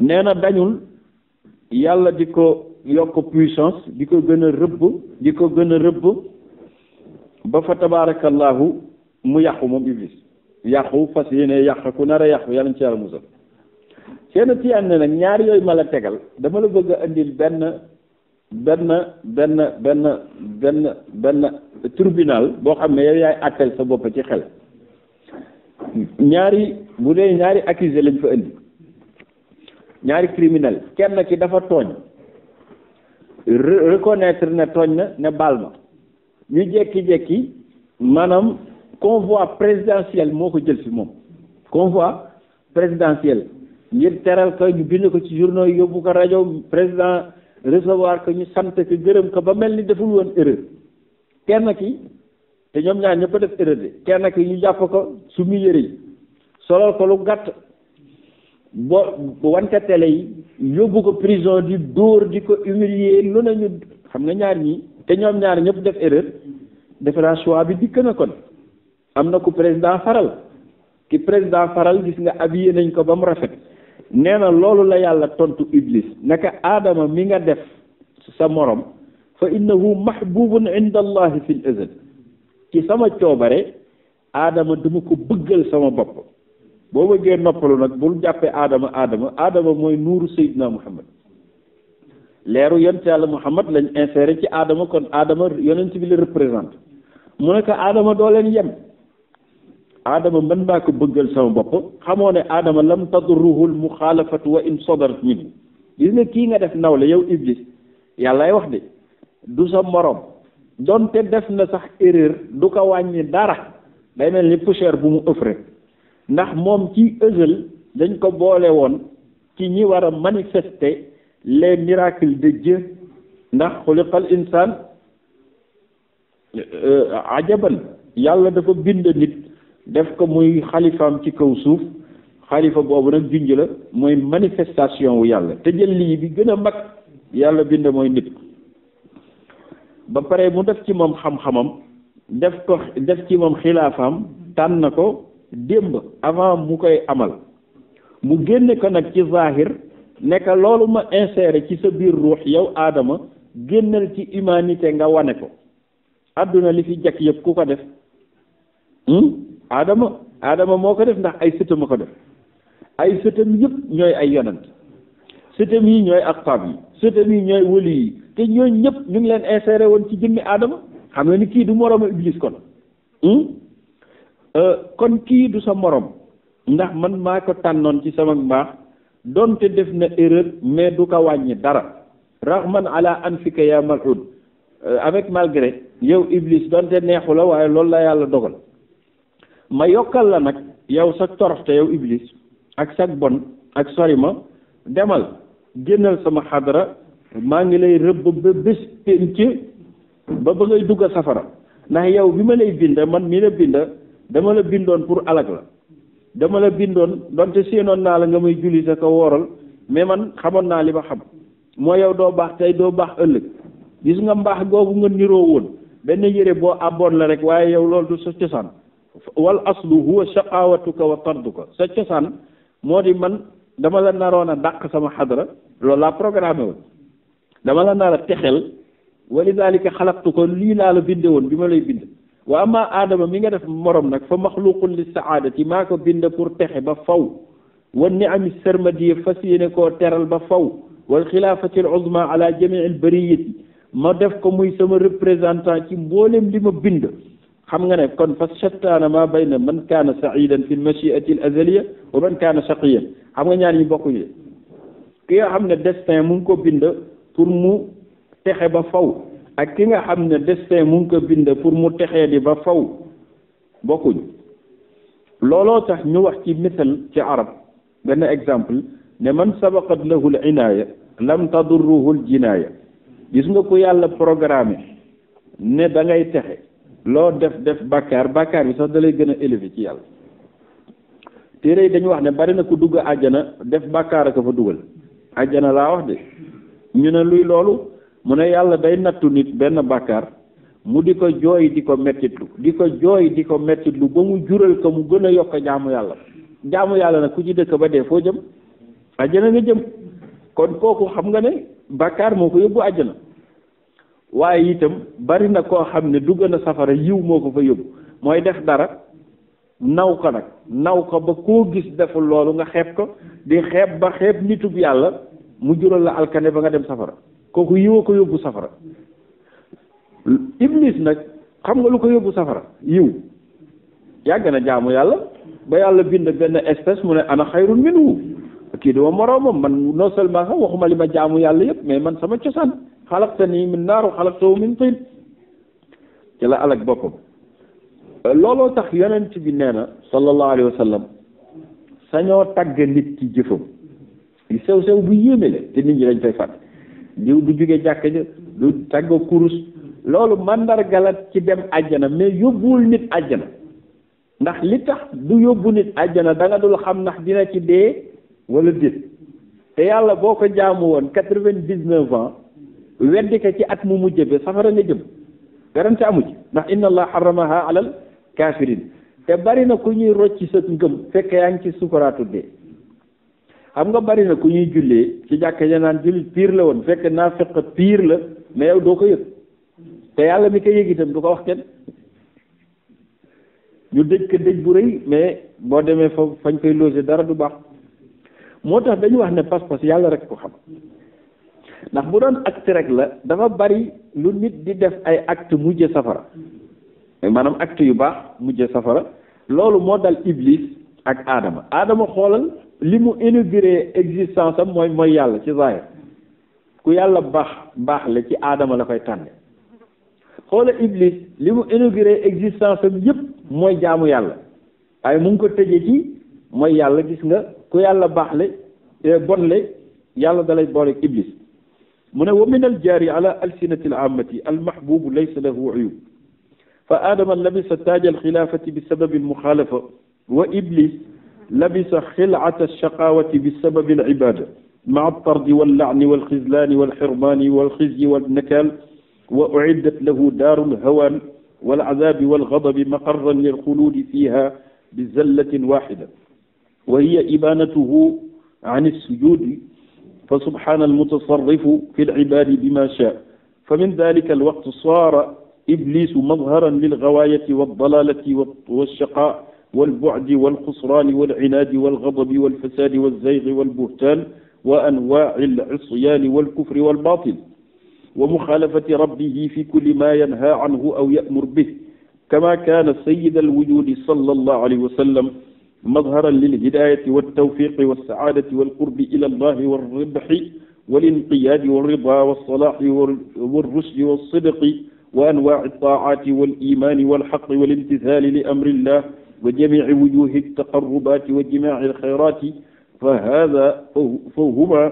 nee na dañul yàlla di ko yokk puissance di ko gën a rëbb di ko gën a rëbb ba fa tabaarakallahu mu yàqu moom iblis yàqu fas yéene yàq ku nar a yàqu yàlla ñu ci yàlla musal seen tiyaan ne nag ñaar yooyu ma la tegal dama la bëgg a indil benn benn benn benn benn benn tribunal boo xam ne yow yaay àttal sa bopp ci xel ñaari bu dee ñaari accusé lañ fa indi ñaari criminel kenn ki dafa tooñ reconnaître ne tooñ na ne baal ma ñu jekki-jekki maanaam convoi présidentiel moo ko jël si moom convoi présidentiel ngir teral ko ñu bind ko ci journaux yi yóbbu ko rajo président recevoir ko ñu sant ko gërëm ko ba mel ni deful woon erreur kenn ki te ñoom ñaar ñëpp def erreur de kenn ki ñu jàpp ko su mu yëre yi solal ko ko prison di di ko humilier lu xam nga ñaar ñi te ñaar ñëpp def erreur defe bi dikk na kon am na ku président faral ki président faral gis nga ab habillé nañ ko ba mu rafet nee na loolu la yàlla tontu iblis naka aadama mi nga def sa morom fa innahu mahbubun inda allahi fil azal ci sama coobare aadama dama ko bëggal sama bopp boo bëggee noppalu nag bul jàppee aadama aadama aadama mooy nuuru Seydina Muhammad leeru yonent yàlla Muhammad lañ inséré ci aadama kon aadama yonent bi la représente mu ne ko aadama doo leen yem aadama mën naa ko bëggal sama bopp xamoo ne aadama lam tadruhul muxaalafatu wa in sodarat minhu gis nga kii nga def nawle yow iblis yàllaay wax de du sa morom donte def na sax erreur du ko wàññi dara day mel ni poussière bu mu ëf ndax moom ci ësël dañ ko boole woon ci ñi war a manifester les miracles de Dieu ndax xuliqal insaan euh, ajaban yàlla dafa bind nit def ko muy xalifaam ci kaw suuf xalifa boobu nag junj la mooy manifestation wu yàlla te jël lii bi gën a mag yàlla bind mooy nit ba pare mu def ci moom xam-xamam def ko def ci moom xilaafaam tànn ko démb avant mu koy amal mu génne ko nag ci zahir nekk loolu ma inséré ci sa biir ruux yow aadama génnal ci humanité nga wane ko àdduna li fi jakk yëpp ku ko def Hmm? Adama Adama moo ko def ndax ay sëtam a ko def ay sëtam yëpp ñooy ay yonant sëtam yi ñooy aqtaab yi sëtam yi ñooy wëli yi te ñooy ñëpp ñu ngi leen inséré woon ci jëmmi Adama xam nga ni kii du moromu Iblis kon hmm? euh, kon kii du sa moroom ndax man maa ko tànnoon ci sama mbaax donte def na erreur mais du ko wàññi dara rahman ala anfika ya malhud euh, avec malgré yow Iblis donte neexu la waaye loolu la yàlla dogal ma yokkal la nag yow sa toroxte yow iblis ak sa bon ak sori ma demal génnal sama xadara maa ngi lay rëbb ba bés pénc ba ba ngay dugg safara ndax yow bi ma lay bind man mi la bind dama la bindoon pour alag la dama la bindoon donte séenoon naa la nga may julli sa ko wooral mais man xamoon naa li ma xam moo yow doo baax tey doo baax ëllëg gis nga mbaax googu nga niroo woon benn yére boo àbboon la rek waaye yow loolu du sa cosaan wal aslu huwa shaqawatuka wa tarduka sa cosaan moo di man dama la naroon a dàq sama xadra loolu laa programme woon dama la nar a texel wa lidalika xalaqtu ko lii laa la binde woon bi ma lay bind waa ama aadama mi nga def morom nag fa maxluqun li saadati maa ko bind pour texe ba faw wa niami sermadiya fas yéene koo teral ba faw wal xilaafati al uzma ala jamii al bariyati ma def ko muy sama représentant ci mboolem li ma bind xam nga ne kon fa shattaana ma bayna man kaana saidan fi lmachiati l azaliya wa man kaana shaqiya xam nga ñaan ñu bokkuñu ki nga xam ne destin mu ngi ko bind pour mu texe ba faw ak ki nga xam ne destin mu ngi ko bind pour mu texee di ba faw bokkuñu looloo tax ñu wax ci misal ci arab benn exemple ne man sabaqat lahu l inaaya lam tadurruhu l jinaaya gis nga ko yàlla programme ne dangay texe loo def def bàkkaar bàkkaar bi sax da gën a élevé ci yàlla téere yi dañu wax ne bari na ku dugg àjjana def bàkkaar ak fa dugal àjjana laa wax de ñu ne luy loolu mu ne yàlla day nattu nit benn bàkkaar mu di ko jooy di ko mettitlu di ko jooy di ko mettitlu ba mu jural ko mu gën a yokk jaamu yàlla jaamu yàlla nag ku ci dëkk ba dee foo jëm àjjana nga jëm kon kooku xam nga ne bàkkaar moo ko yóbbu àjjana waaye itam bari na koo xam ne dugg na safara yiw moo ko fa yóbbu mooy def dara naw ko nag naw ko ba koo gis deful loolu nga xeeb ko di xeeb ba xeeb nitub yàlla mu jural la alkane ba nga dem safara kooku yiw ko yóbbu safara iblis nag xam nga lu ko yóbbu safara yiw yàgg na jaamu yàlla ba yàlla bind benn espèce mu ne ana xayrun minhu kii duma moroomam man non seulement sax waxuma li ma jaamu yàlla yëpp mais man sama cosaan xalaqtanii min naar wa xalaqtahu min tiin ci la alak boppam looloo tax yeneen yonent bi nee na sallallahu alayhi wa sallam tagg nit ci jëfam yu sew sew bu yéeme la te nit ñi dañ fay fàtte diw du jóge jàkk ja du tagga kurus loolu mandargala ci dem àjjana mais yóbbuwul nit àjjana ndax li tax du yóbbu nit àjjana da dul xam ndax dina ci dee wala déet te yàlla boo ko jaamu woon quatre-vingt-dix-neuf ans weddi ko ci at mu mujj bi safara nga jëm garante amu ci ndax inna allah haramaha alal kafirin te bari na ku ñuy rocci sa ngëm fekk yaa ngi ci sukuraatu dee xam nga bari na ku ñuy jullee ci jàkk ja naan jullit piir la woon fekk naafiq piir la mais doo ko yëg te yàlla bi ko yëg itam du ko wax kenn ñu dëj ko dëj bu rëy mais boo demee fa fañ koy loger dara du baax moo tax dañu wax ne pas-pas yàlla rek ko xam ndax bu doon acte rek la dafa bari lu nit di def ay act mujje safara maanaam acte yu baax mujje safara loolu moo dal iblis ak aadama aadama xoolal li mu inauguré existence am mooy mooy yàlla ci zahir ku yàlla baax baax la ci aadama la koy tànne xoola iblis li mu inauguré existence am yëpp mooy jaamu yàlla waaye mu ko tëje ci mooy yàlla gis nga ku yàlla baax le eh, bon le yàlla dalay boole iblis mu ne wa min al jaari ala alsinati al aamati al mahbubu laysa lahu uyub fa aadama labisa taaja al xilaafati bi sababi al muxaalafa wa iblis labisa xilcata alchaqaawati bi sababi al ibaada maa altardi wallacni walxizlaani walxirmaani walxizyi wannakaal wa uciddat lahu daaru lhawaan walcadaabi walgadabi maqarran lilxuluudi fiiha bizallatin waaxida wa hiya ibaanatuhu an alsujuudi fa subhaana almutasarrifu fi alcibaadi bima shaa fa min dalika alwaqt saara iblisu madharan lilgawaayati waldalaalati walshaqaa walbucdi walxusraani walcinaadi walgadabi walfasaadi walzaygi walbuhtaan wa anwaaci alcisyaani walkufri walbaatil wa muxaalafati rabbihi fi kulli ma yanhaa canhu aw ya'mur bih kama kaana sayida alwujuudi sallallahu alayhi wa sallam mazharan lil hidayati wat tawfiqi was saadati wal qurbi ila allahi war ribhi wal inqiyaadi war rida was salaahi war rushdi was sidqi wa anwaaci taacaati wal iimaani wal xaqi wal imtisaali li amri llah wa jamiici wujuuhi taqarrubaati wa jimaaci alxayraati fa haadaa fa humaa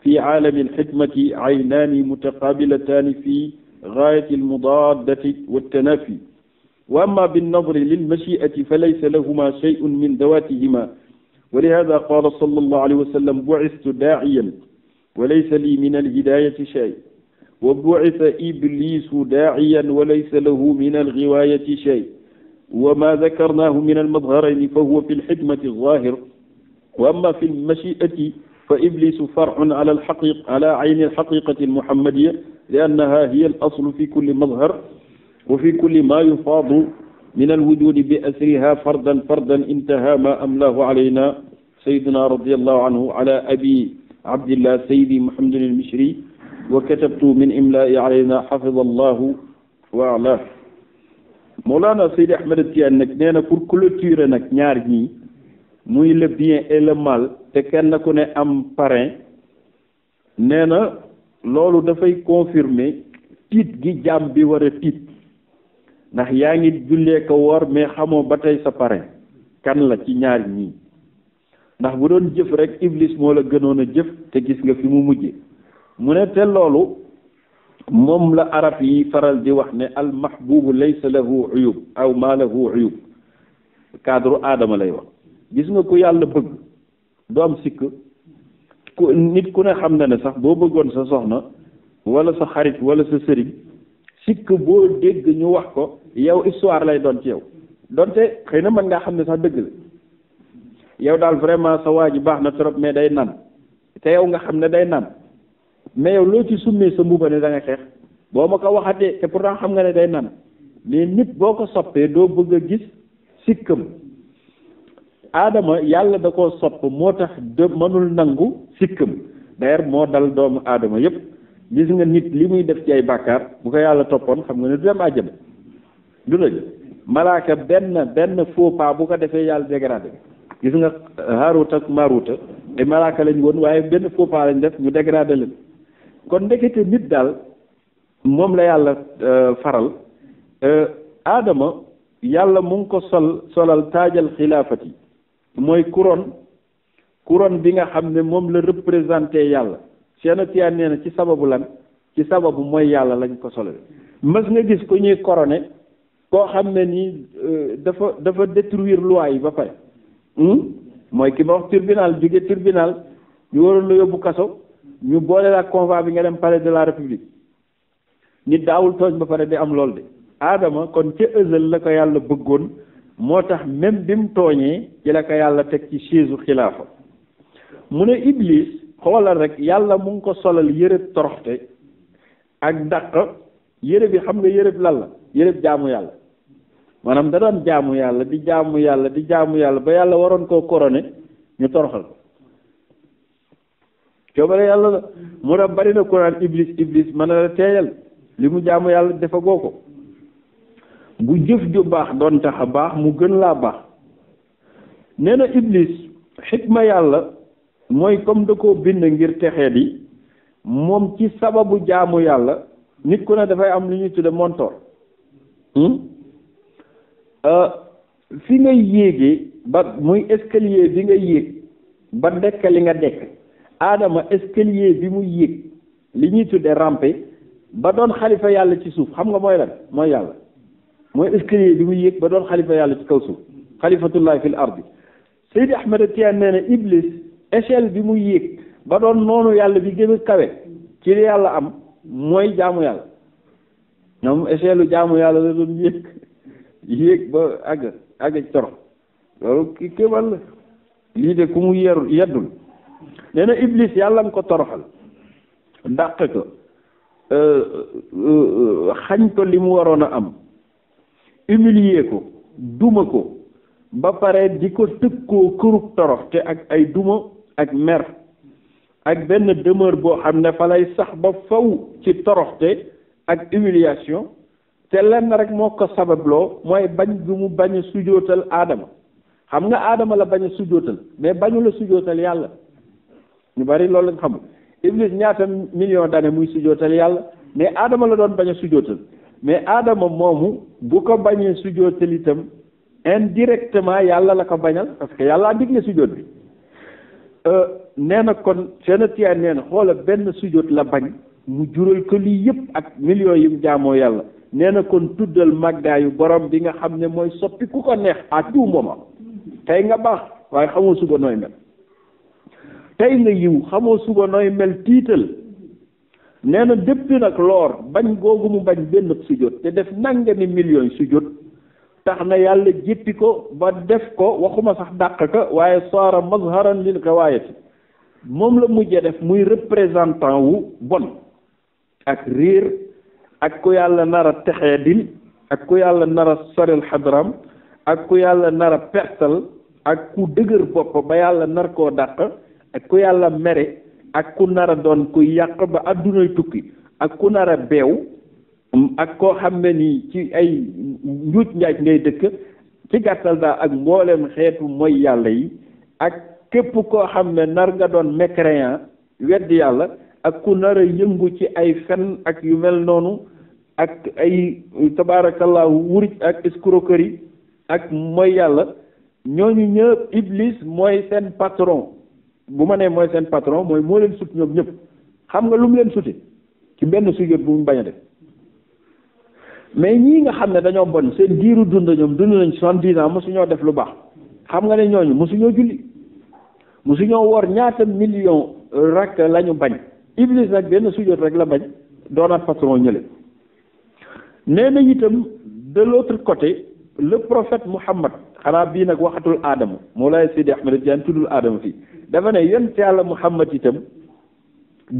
fi caalami alxikmati caynaani mutaqaabilataani fi gaayati almudaadati wattanaafii wa amma binnadri lilmachiati fa laysa lahuma cheyun min dawatihima wa lihada qala sallallahu alayhi wa sallam bu'istu daa'iyan wa laysa li min alhidayati chey wa bu'itha iblisu daa'iyan wa laysa lahu min alghiwayati chey wa ma dakarnahu min almadharayni fa huwa fi lxikmati zahir wa amma fi lmachiati fa iblisu far'un ala alhaqiqa ala ayni alhaqiqati almuhammadiya li'annaha hiya alaslu fi kulli madhar wa fi kulli ma yufaadu min alwujudi bi asriha fardan fardan intaha ma amlahu alayna sayyiduna radiyallahu anhu ala abi abdillah sayyidi muhammadin al-mishri wa min imlaai alayna xafida allahu wa ala Mawlana Seydi Ahmed Tidiane nag nee na pour clôturer nag ñaar ñii muy le bien et le te kenn ku ne am parrain nee na loolu dafay confirmer tiit gi jaam bi war ndax yaa ngi jullee ko woor mais xamoo ba tey sa pare kan la ci ñaar ñii ndax bu doon jëf rek iblis moo la gënoon a jëf te gis nga fi mu mujje mu ne te loolu moom la arab yi faral di wax ne al mahbubu laysa lahu uyub aw ma lahu uyub cadre aadama lay wax gis nga ko yàlla bëgg du sikk ku nit ku ne xam na ne sax boo bëggoon sa soxna wala sa xarit wala sa sëriñ sikk boo dégg ñu wax ko yow histoire lay doon ci yow donte xëy na mën ngaa xam ne sax dëgg la yow daal vraiment sa waa ji baax na trop mais day nan te yow nga xam ne day nan mais yow loo ci summee sa mbuba ne da xeex boo ma ko waxatee te pourtant xam nga ne day nan mais nit boo ko soppee doo bëgg a gis sikkam aadama yàlla da koo sopp moo tax de mënul nangu sikkam d'ailleurs moo dal doomu aadama yépp gis nga nit li muy def ci ay bàkkaar bu ko yàlla toppoon xam nga ne du dem àjjana du dëgg malaaka benn benn faux pas bu ko defee yàlla dégradé gis nga Haarut ak Maarut te malaaka lañu woon waaye benn faux pas lañ def ñu dégradé leen kon ndekete nit daal moom la yàlla euh, faral euh, aadama yàlla mu ngi ko sol solal taajal xilaafat yi mooy couronne couronne bi nga xam ne moom la représenté yàlla Cheikh Tijaan nee na ci sababu lan ci sababu mooy yàlla lañ ko solal mës nga gis ku ñuy couronné koo xam ne nii euh, dafa dafa détruire loi yi ba pare hmm? mooy ki ma wax tribunal jóge tribunal ñu waroon la yóbbu kaso ñu boole la convoi bi nga dem pare de la république nit daawul tooñ ba pare di am lool de aadama kon ca ësal la ko yàlla bëggoon moo tax même bi mu tooñee ci la ko yàlla teg ci chaise xilaafa mu ne iblis xoolal rek yàlla mu ngi ko solal yëre toroxte ak dàq yëre bi xam nga yëre bi lan la yërëb jaamu yàlla manaam da doon jaamu yàlla di jaamu yàlla di jaamu yàlla ba yàlla waroon koo korone ñu toroxal ko coobare yàlla la mu ne bari na ku naan iblis iblis mën la teeyal li mu jaamu yàlla defagoo ko bu jëf ju baax doon tax a baax mu gën laa baax nee na iblis yàlla mooy comme da koo bind ngir texee di moom ci sababu jaamu yàlla nit ku ne dafay am lu ñu tudde montor Hmm? Euh, fi ngay yéegee ba muy escalier bi nga yéeg ba dekk li nga dekk aadama escalier bi mu yéeg li ñuy tudde rampe ba doon xalifa yàlla ci suuf xam nga mooy lan mooy yàlla mooy escalier bi mu yéeg ba doon xalifa yàlla ci kaw suuf xalifatullahi fil ardi Seydi Ahmed Tidiane nee Iblis échelle bi mu yéeg ba doon noonu yàlla bi gën a kawe ci li yàlla am mooy jaamu yàlla ñoom échelle lu jaamu yàlla la doon yéeg yéeg ba àgg àgg toro loolu ki kéemal lii de ku mu yerul yeddul nee na iblis yàlla nga ko toroxal dàq ko euh, euh, euh, xañ ko li mu waroon a am humilier ko duma ko ba pare di ko tëkkoo kërug torox te ak ay duma ak mer ak benn demeure boo xam ne fa sax ba faw ci toroxte ak humiliation te lenn rek moo ko sababloo mooy bañ gu mu bañ a sujootal aadama xam nga aadama la bañ a mais bañu la sujootal yàlla ñu bari loolu lañ xamul iblis ñaata million d'années muy sujootal yàlla mais aadama la doon bañ a sujootal mais aadama moomu bu ko bañee sujootal itam indirectement yàlla la ko bañal parce que yàlla a digle sujoot bi euh, nee na kon seen tiyaay nee na xoola benn sujoot la bañ mu jural ko lii yëpp ak million yu mu jaamoo yàlla nee na kon tuddal yu borom bi nga xam ne mooy soppi ku ko neex à tout tey nga baax waaye xamoo suba nooy mel tey nga yiw xamoo suba nooy mel tiital nee na depuis nag loor bañ googu mu bañ benn sujjóot te def nangami millions sujjóot tax na yàlla jéppi ko ba def ko waxuma sax dàq ka waaye saara mazharan lil xawaayati moom la mujje def muy représentant wu bon ak riir ak ku yàlla nara a texee ak ku yàlla nara a soril xadram ak ku yàlla nara pertal ak ku dëgër bopp ba yàlla nar koo dàq ak ku yàlla mere ak ku nara doon ku yàq ba àdduna tukki ak ku nara a beew ak koo xam ne nii ci ay njuuj njaaj ngay dëkk ci gàttal daal ak mbooleem xeetu moy yàlla yi ak képp koo xam ne nar nga doon mécréant weddi yàlla ak ku nar a yëngu ci ay fen ak yu mel noonu ak ay tabaarakallah wuruj ak escroquerie ak mooy yàlla ñooñu ñëpp iblis mooy seen patron bu ma nee mooy seen patron mooy moo leen sut ñoom ñëpp xam nga lu mu leen sute ci benn sujet bu mu bañ a mais ñii nga xam ne dañoo bon seen diiru dund ñoom dund nañ soixante-dix ans mosuñoo def lu baax xam nga ne ñooñu mosuñoo julli mosuñoo wor ñaata million rakk lañu bañ Iblis nag benn sujjóot rek la bañ doonaat façon ñële nee na itam de l'autre côté le prophète Muhammad xanaa bii nag waxatul aadama moo Moulaye Sidi Ahmed Tidiane tuddul aadama fii dafa ne yonent yàlla Muhammad itam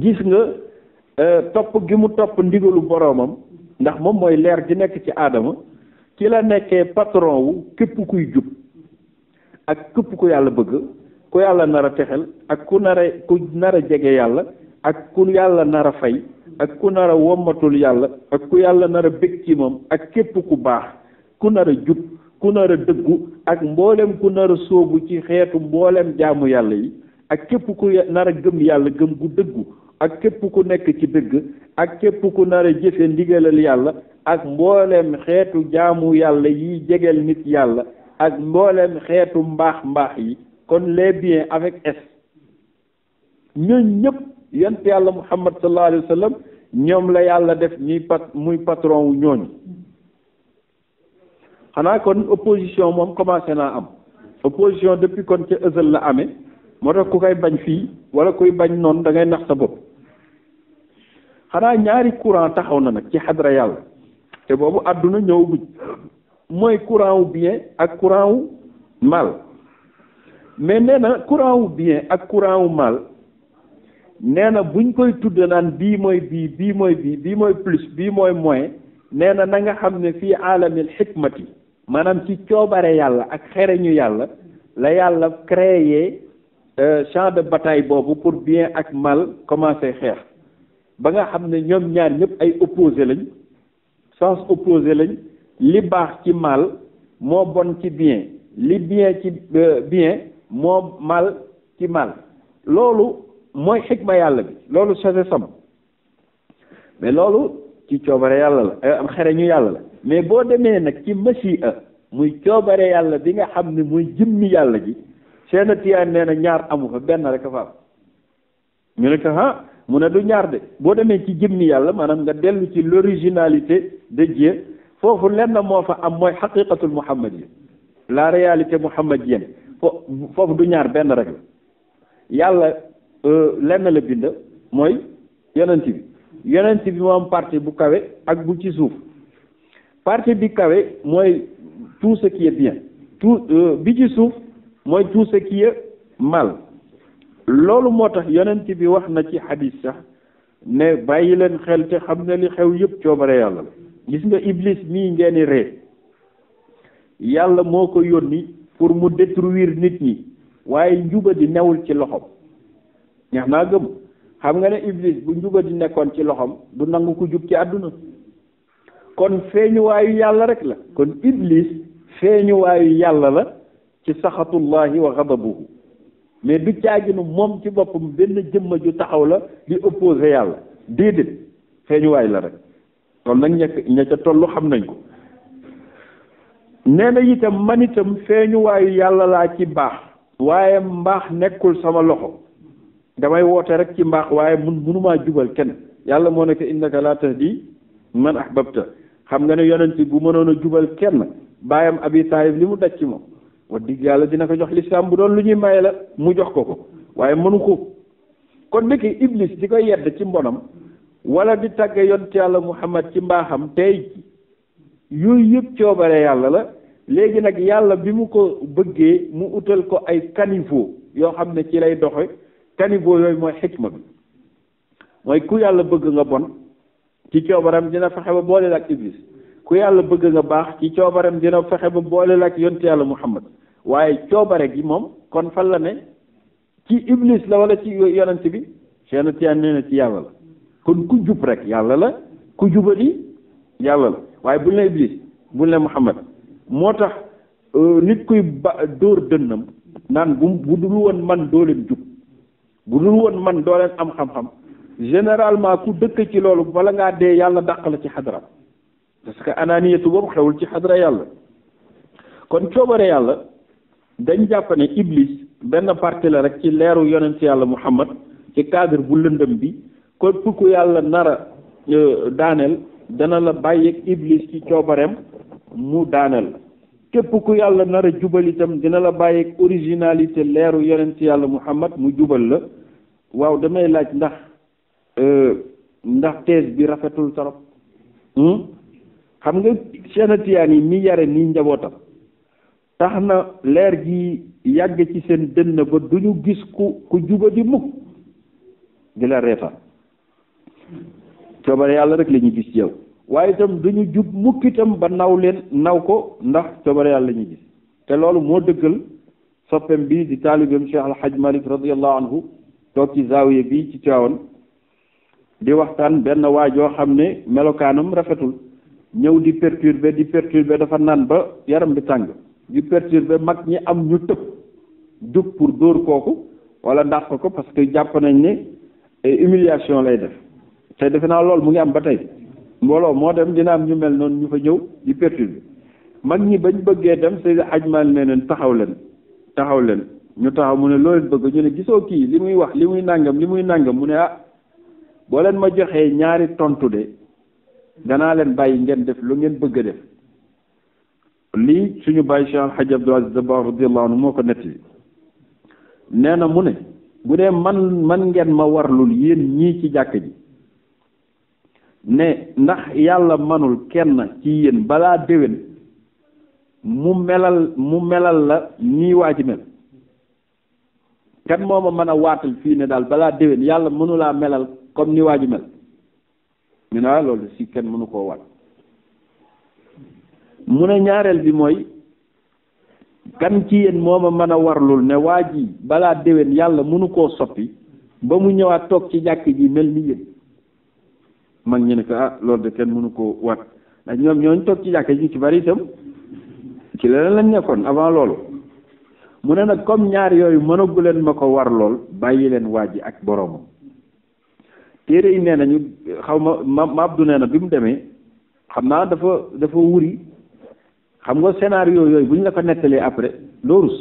gis nga euh, topp gi mu topp ndigalu boroomam ndax moom mooy leer gi nekk ci aadama ci la nekkee patron wu képp kuy jub ak këpp ku yàlla bëgg ku yàlla nar a texel ak ku nar ku nar a jege yàlla ak ku yàlla nara a fay ak ku nara womatul yàlla ak ku yàlla nar a bég ci moom ak képp ku baax ku nar a jub ku nar dëggu ak mboolem ku nar a ci xeetu mboolem jaamu yàlla yi ak képp ku nar gëm yàlla gëm gu dëggu ak képp ku nekk ci dëgg ak képp ku nar a jëfe ndigalal yàlla ak mbooleem xeetu jaamu yàlla yiy jegel nit yàlla ak mbooleem xeetu mbaax mbaax yi kon les biens avec s ñooñ ñëpp yent yàlla muhammad sallallahu alayhi ñoom la yàlla def ñuy pat muy patron wu ñooñu xanaa kon opposition moom commencé naa am opposition depuis kon ci ësal la amee moo tax ku koy bañ fii wala kuy bañ noonu da ngay nax sa bopp xanaa ñaari courant taxaw na nag ci xadra yàlla te boobu àdduna ñëw guj mooy courant wu bien ak courant wu mal mais nee na courant wu bien ak courant wu mal nee na buñ koy tudd naan bii mooy bii bii mooy bii bii mooy plus bii mooy moins nee na na nga xam ne fii aalamil xikmati maanaam ci coobare yàlla ak xereñu yàlla la yàlla créé euh, champ de bataille boobu pour bien ak mal commencer xeex ba nga xam ne ñoom ñaar ñëpp ay opposé lañ sens opposé lañ li baax ci mal moo bon ci bien li bien ci euh, bien moo mal ci mal loolu mooy xikma yàlla bi loolu sagesse am mais loolu ci coobare yàlla la euh, am xere ñu yàlla la mais boo demee nag ci masiha muy coobare yàlla bi nga xam ni muy jëmmi yàlla ji seen tiyaan nee na ñaar amu fa benn rek a fa am ñu ne ko ah mu ne du ñaar de boo demee ci jëmmi yàlla maanaam nga dellu ci l'originalité de Dieu foofu lenn moo fa am mooy xaqiqatul muhammadiya la réalité muhammadienne foofu du ñaar benn rek la yàlla Euh, lenn la bind mooy yonent bi yonent bi moo am partie bu kawe ak bu ci suuf partie bi kawe mooy tout ce qui est bien tout euh, bi ci suuf mooy tout ce qui est mal loolu moo tax yonent bi wax na ci xadis sax ne bàyyi leen xel te xam ne li xew yëpp coobare yàlla la gis nga iblis mii ngeen ree yàlla moo ko yónni pour mu détruire nit ñi waaye njuba di newul ci loxoom neex naa gëm xam nga ne iblis bu njuba di nekkoon ci loxoom du nangu ko jub ci àdduna kon feeñuwaayu yàlla rek la kon iblis feeñuwaayu yàlla la ci saxatullahi wa xadabuhu mais du caaginu moom ci boppam benn jëmma ju taxaw la di opposé yàlla déedéet feeñuwaay la rek kon nag ñekk ña ca tollu xam nañ ko nee itam man itam feeñuwaayu yàlla laa ci baax waaye mbaax nekkul sama loxo damay woote rek ci mbaax waaye mun munumaa jubal kenn yàlla moo nekk innaka laa tahdi man ahbabta xam nga ne yonent bu mënoon a jubal kenn baayam abi taalib li mu daj ci moom wax dëgg yàlla dina ko jox lislaam bu doon lu ñuy maye la mu jox ko ko waaye mënu ko kon ndeke iblis di ko yedd ci mbonam wala di tàgge yonent yàlla muhammad ci mbaaxam tey yooyu yëpp coobare yàlla la léegi nag yàlla bi mu ko bëggee mu utal ko ay caniveau yoo xam ne ci lay doxe caniveau yooyu mooy xikma bi mooy ku yàlla bëgg nga bon ci coobaram dina fexe ba booleel ak iblis ku yàlla bëgg nga baax ci coobaram dina fexe ba booleel ak yonte yàlla muhammad waaye coobare gi moom kon fan la ne ci iblis la wala ci yonent bi Cheikh Tijaan nee ci yàlla la kon ku jub rek yàlla la ku jubali yàlla la waaye buñ ne iblis buñ ne muhammad moo tax euh, nit kuy ba dóor dënnam naan bu bu dul woon man dooleem jub bu dul woon man doo leen am xam-xam généralement ku dëkk ci loolu bala ngaa dee yàlla dàq la ci xadra parce que ananiyatu boobu xewul ci xadra yàlla kon coobare yàlla dañ jàpp ne iblis benn parti la rek ci leeru yonent yàlla muhammad ci cadre bu lëndëm bi ko pour yàlla nara euh, daaneel dana la bàyyeeg iblis ci coobareem mu daaneel la képp ku yàlla nar a jubal itam dina la bàyyi originalité leeru yeneen yonent yàlla Muhammad mu jubal la waaw damay laaj ndax euh, ndax thèse bi rafetul torop hmm? xam nga Cheikh Tijaan yi mi yare nii njabootam tax na leer gi yàgg ci seen dënn ba du ñu gis ku ku juba di mukk di la reetaan coobare yàlla rek la ñu gis yow waaye itam duñu jub mukk itam ba naw leen naw ko ndax coobare yàlla ñu gis te loolu moo dëggal soppeem bi di taalibeem Cheikh Al Hadj Malick radiyallahu anhu toog ci zaawiya bi ci Tiwaawan di waxtaan benn waa joo xam ne melokaanam rafetul ñëw di perturber di perturber dafa naan ba yaram bi tàng di perturber mag ñi am ñu tëb dug pour dóor kooku wala dàq ko parce que jàpp nañ ne eh, humiliation lay def te defe naa loolu mu ngi am ba tey mbooloo moo dem dina am ñu mel noonu ñu fa ñëw di perturber mag ñi bañ bëggee dem Seydi Hadji Malick ne leen taxaw leen taxaw leen ñu taxaw mu ne loo bëgg ñu ne gisoo kii li muy wax li muy nàngam li muy nàngam mu ne ah boo leen ma joxee ñaari tontu de danaa leen bàyyi ngeen def lu ngeen bëgg a def lii suñu bàyyi Cheikh Alhaji Abdoul Aziz Dabakh radiyallahu anhu moo ko nettali nee na mu ne bu dee man man ngeen ma warlul yéen ñii ci jàkk ji ne ndax yàlla manul kenn ci yéen balaa déwén mu melal mu melal la nii waa ji mel kenn moo ma mën a waatal fii ne daal balaa déwén yàlla mënulaa melal comme ni waa ji mel ñu ne ah, kenn mënu koo waat mu ne ñaareel bi mooy kan ci yéen moo ma mën a warlul ne waa ji balaa déwén yàlla mënu koo soppi ba mu ñëwaat toog ci jàkk ji mel ni yéen mag ñu ne ko ah loolu de kenn mënu koo wat ndax ñoom ñooñ toog ci jàkka ji ci bari itam ci leneen lañ nekkoon avant loolu mu ne nag comme ñaar yooyu mënagu leen ma ko war lool bàyyi leen waa ji ak boroomam téere yi nee nañu xaw ma ma Abdou nee na bi mu demee xam naa dafa dafa wuri xam nga scénario yooyu bu ñu la ko nettalee après loorus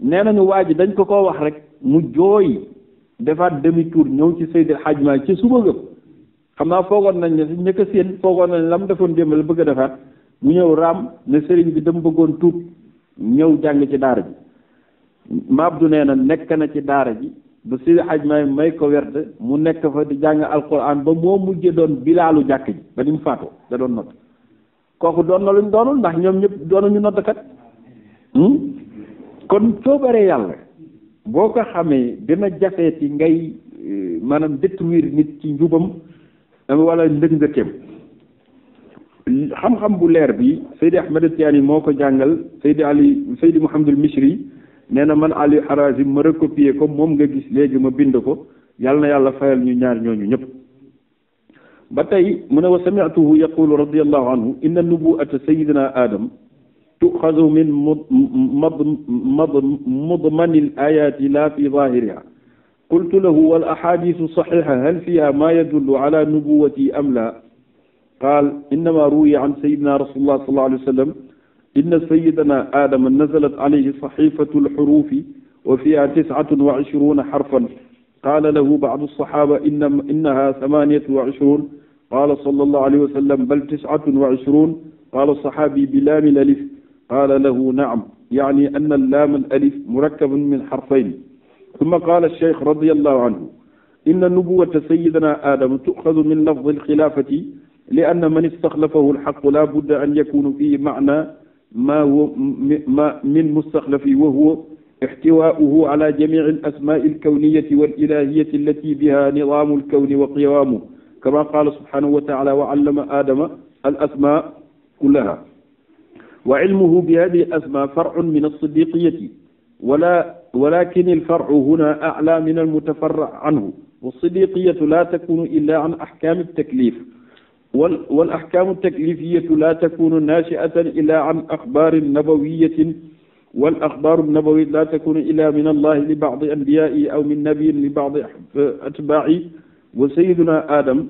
nee nañu waa ji dañ ko koo wax rek mu jooy defaat demi tour ñëw ci Seydil Hadj Malick ci suba gëpp xam naa foogoon nañ ne ñëkk a séen foogoon nañ la mu defoon démb la bëgg a defaat mu ñëw raam ne sëriñ bi dama bëggoon tuub ñëw jàng ci daara ji maab du na nekk na ci daara ji ba si xaj may may ko werd mu nekk fa di jàng alquran ba moo mujjee doon bilaalu jàkk ji ba ni mu faatoo da doon nodd kooku doon na luñ doonul ndax ñoom ñëpp doonuñu noddkat hmm? kon soo baree yàlla boo ko xamee dina jafee ci ngay eh, maanaam détruire nit ci njubam wala ndëg-ndëgem xam-xam bu leer bi Seydi Ahmed Tiani moo ko jàngal Seydi Ali Seydi Mouhamadul Misri nee na man Ali Harazim ma recopier ko moom nga gis léegi ma bind ko yàlla na yàlla fayal ñu ñaar ñooñu ñëpp ba tey mu ne wa sami'tuhu yaqulu radiyallahu anhu inna nubuwata sayidina adam tuxazu min mad mad mudmani al ayati la fi zahiriha qultu lahu wal ahadisu saxiha hal fiha ma yadullu ala nubuwati am la qaal innama ruwiya an sayidina rasulullah sallallahu alayhi wa sallam inna sayidana aadama nazalat alayhi saxifatu lxurufi wa fiha tisatun wa ishruna xarfan qaala lahu bacdu saxaaba inna innaha thamaniyatu wa ishrun qaala sallallahu alayhi wa sallam bal tisatun wa ishrun qaala saxaabi bi laami l alif qaala lahu naam yaani anna laama al alif murakkabun min xarfayn ثم قال الشيخ رضي الله عنه إن نبوة سيدنا آدم تؤخذ من لفظ الخلافة لأن من استخلفه الحق لا بد أن يكون فيه معنى ما هو ما من مستخلف وهو احتواؤه على جميع الأسماء الكونية والإلهية التي بها نظام الكون وقوامه كما قال سبحانه وتعالى وعلم آدم الأسماء كلها وعلمه بهذه الأسماء فرع من الصديقية ولا ولكن الفرع هنا أعلى من المتفرع عنه والصديقية لا تكون إلا عن أحكام التكليف وال والأحكام التكليفية لا تكون ناشئة إلا عن أخبار نبوية والأخبار النبوية لا تكون إلا من الله لبعض أنبيائه أو من نبي لبعض أتباعه وسيدنا آدم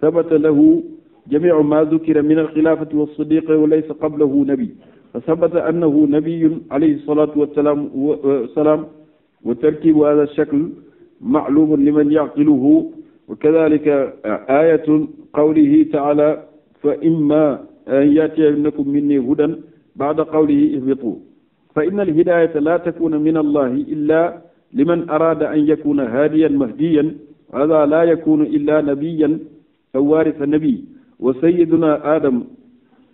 ثبت له جميع ما ذكر من الخلافة والصديقة وليس قبله نبي fa sabata annahu nabiyun alayhi salatu wasalaam wasalaam wa tarkibu hada shakl maalumun liman yaqiluhu wa kadalika ayatun qawlihi taala fa imma an yatinakum minni hudan bada qawlihi ihbitu fa inna alhidayata la takuna min allahi illa liman arada an yakuna haadiyan mahdiyan hada la yakunu illa nabiyan aw waarisa nabi wa sayiduna adam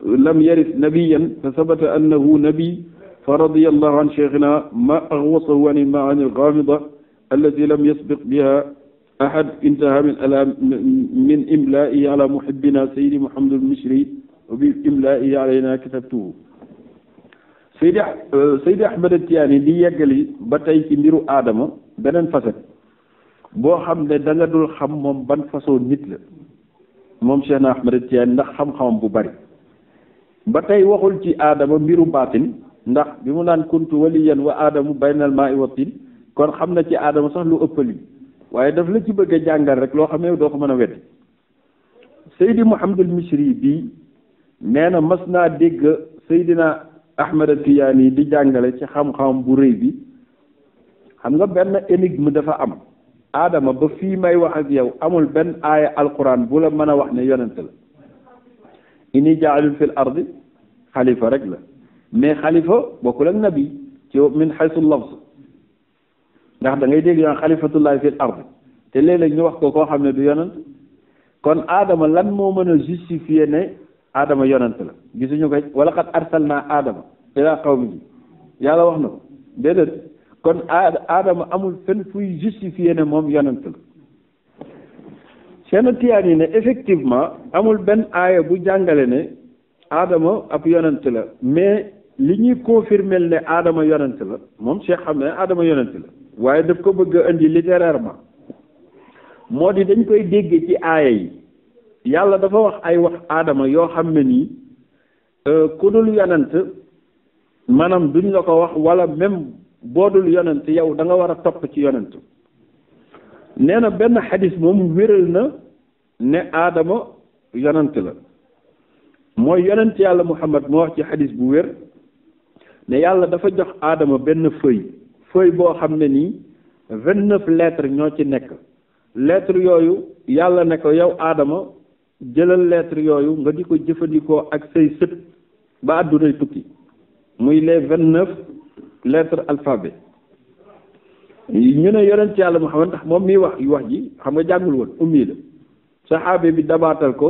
lam yaris nabiyan fa sabata annahu nabi fa radiya allahu an cheikhina ma axwasahu an ilmaani alxaamida allati lam yasbiq biha ahad intaha min ala min imlaihi ala muhibina sayidi mohamadu almisri wa bi imlaihi alayna katabtuhu saydi saydi ahmad atiyaani di yeggali ba tey ci mbiru aadama beneen facette boo xam ne da nga dul xam moom ban façon nit la moom cheikhna ahmad atiyaani ndax xam-xamam bu bari ba tey waxul ci aadama mbiru baatin ndax bi mu naan kuntu waliyan wa aadamu baynal maa i wattin kon xam na ci aadama sax lu ëppali waaye daf la ci bëgg a jàngal rek loo xam ne doo ko mën a weddi Seydi Mouhamadul Misri bi nee na mas naa dégg Seydina Ahmada Tiyaani di jàngale ci xam-xam bu rëy bi xam nga benn énigme dafa am aadama ba fii may wax ak yow amul benn aaya alquran bu la mën a wax ne yonent la inni jaalul fil ardi xalifa rek la mais xalifa bokkul ak nabi ci min xaysu lafz ndax dangay ngay dégg yoon xalifatullahi fil ard te léeg-léeg ñu wax ko koo xam ne du yonent kon aadama lan moo mën a justifier ne aadama yonent la gisuñu ko wala qad arsalna aadama ila qawmihi yàlla wax na ko déedéet kon aadama amul fenn fuy justifier ne moom yonent la seen tiyaan effectivement amul benn aaya bu jàngale ne Adama ab yonent la mais li ñuy confirmel ne Adama yonent la moom Cheikh xam ne Adama yonent la waaye daf ko bëgg a indi littérairement moo di dañ koy dégg ci aaya yi yàlla dafa wax ay wax Adama yoo xam ne nii euh, ku dul yonent maanaam duñ la ko wax wala même boo dul yonent yow da nga war a topp ci yonent nee na benn xadis moom wéral na ne Adama yonent la mooy yonent yàlla Muhammad moo wax ci xadis bu wér ne yàlla dafa jox aadama benn feuille feuille boo xam ne nii vingt neuf lettres ñoo ci nekk lettres yooyu yàlla ne ko yow aadama jëlal lettres yooyu nga di ko jëfandikoo ak say sët ba àddunay tukki muy les vingt neuf lettres alphabet ñu ne yonent yàlla Muhammad ndax moom miy wax yu wax ji xam nga jàngul woon ummi la saxaabe bi dabaatal ko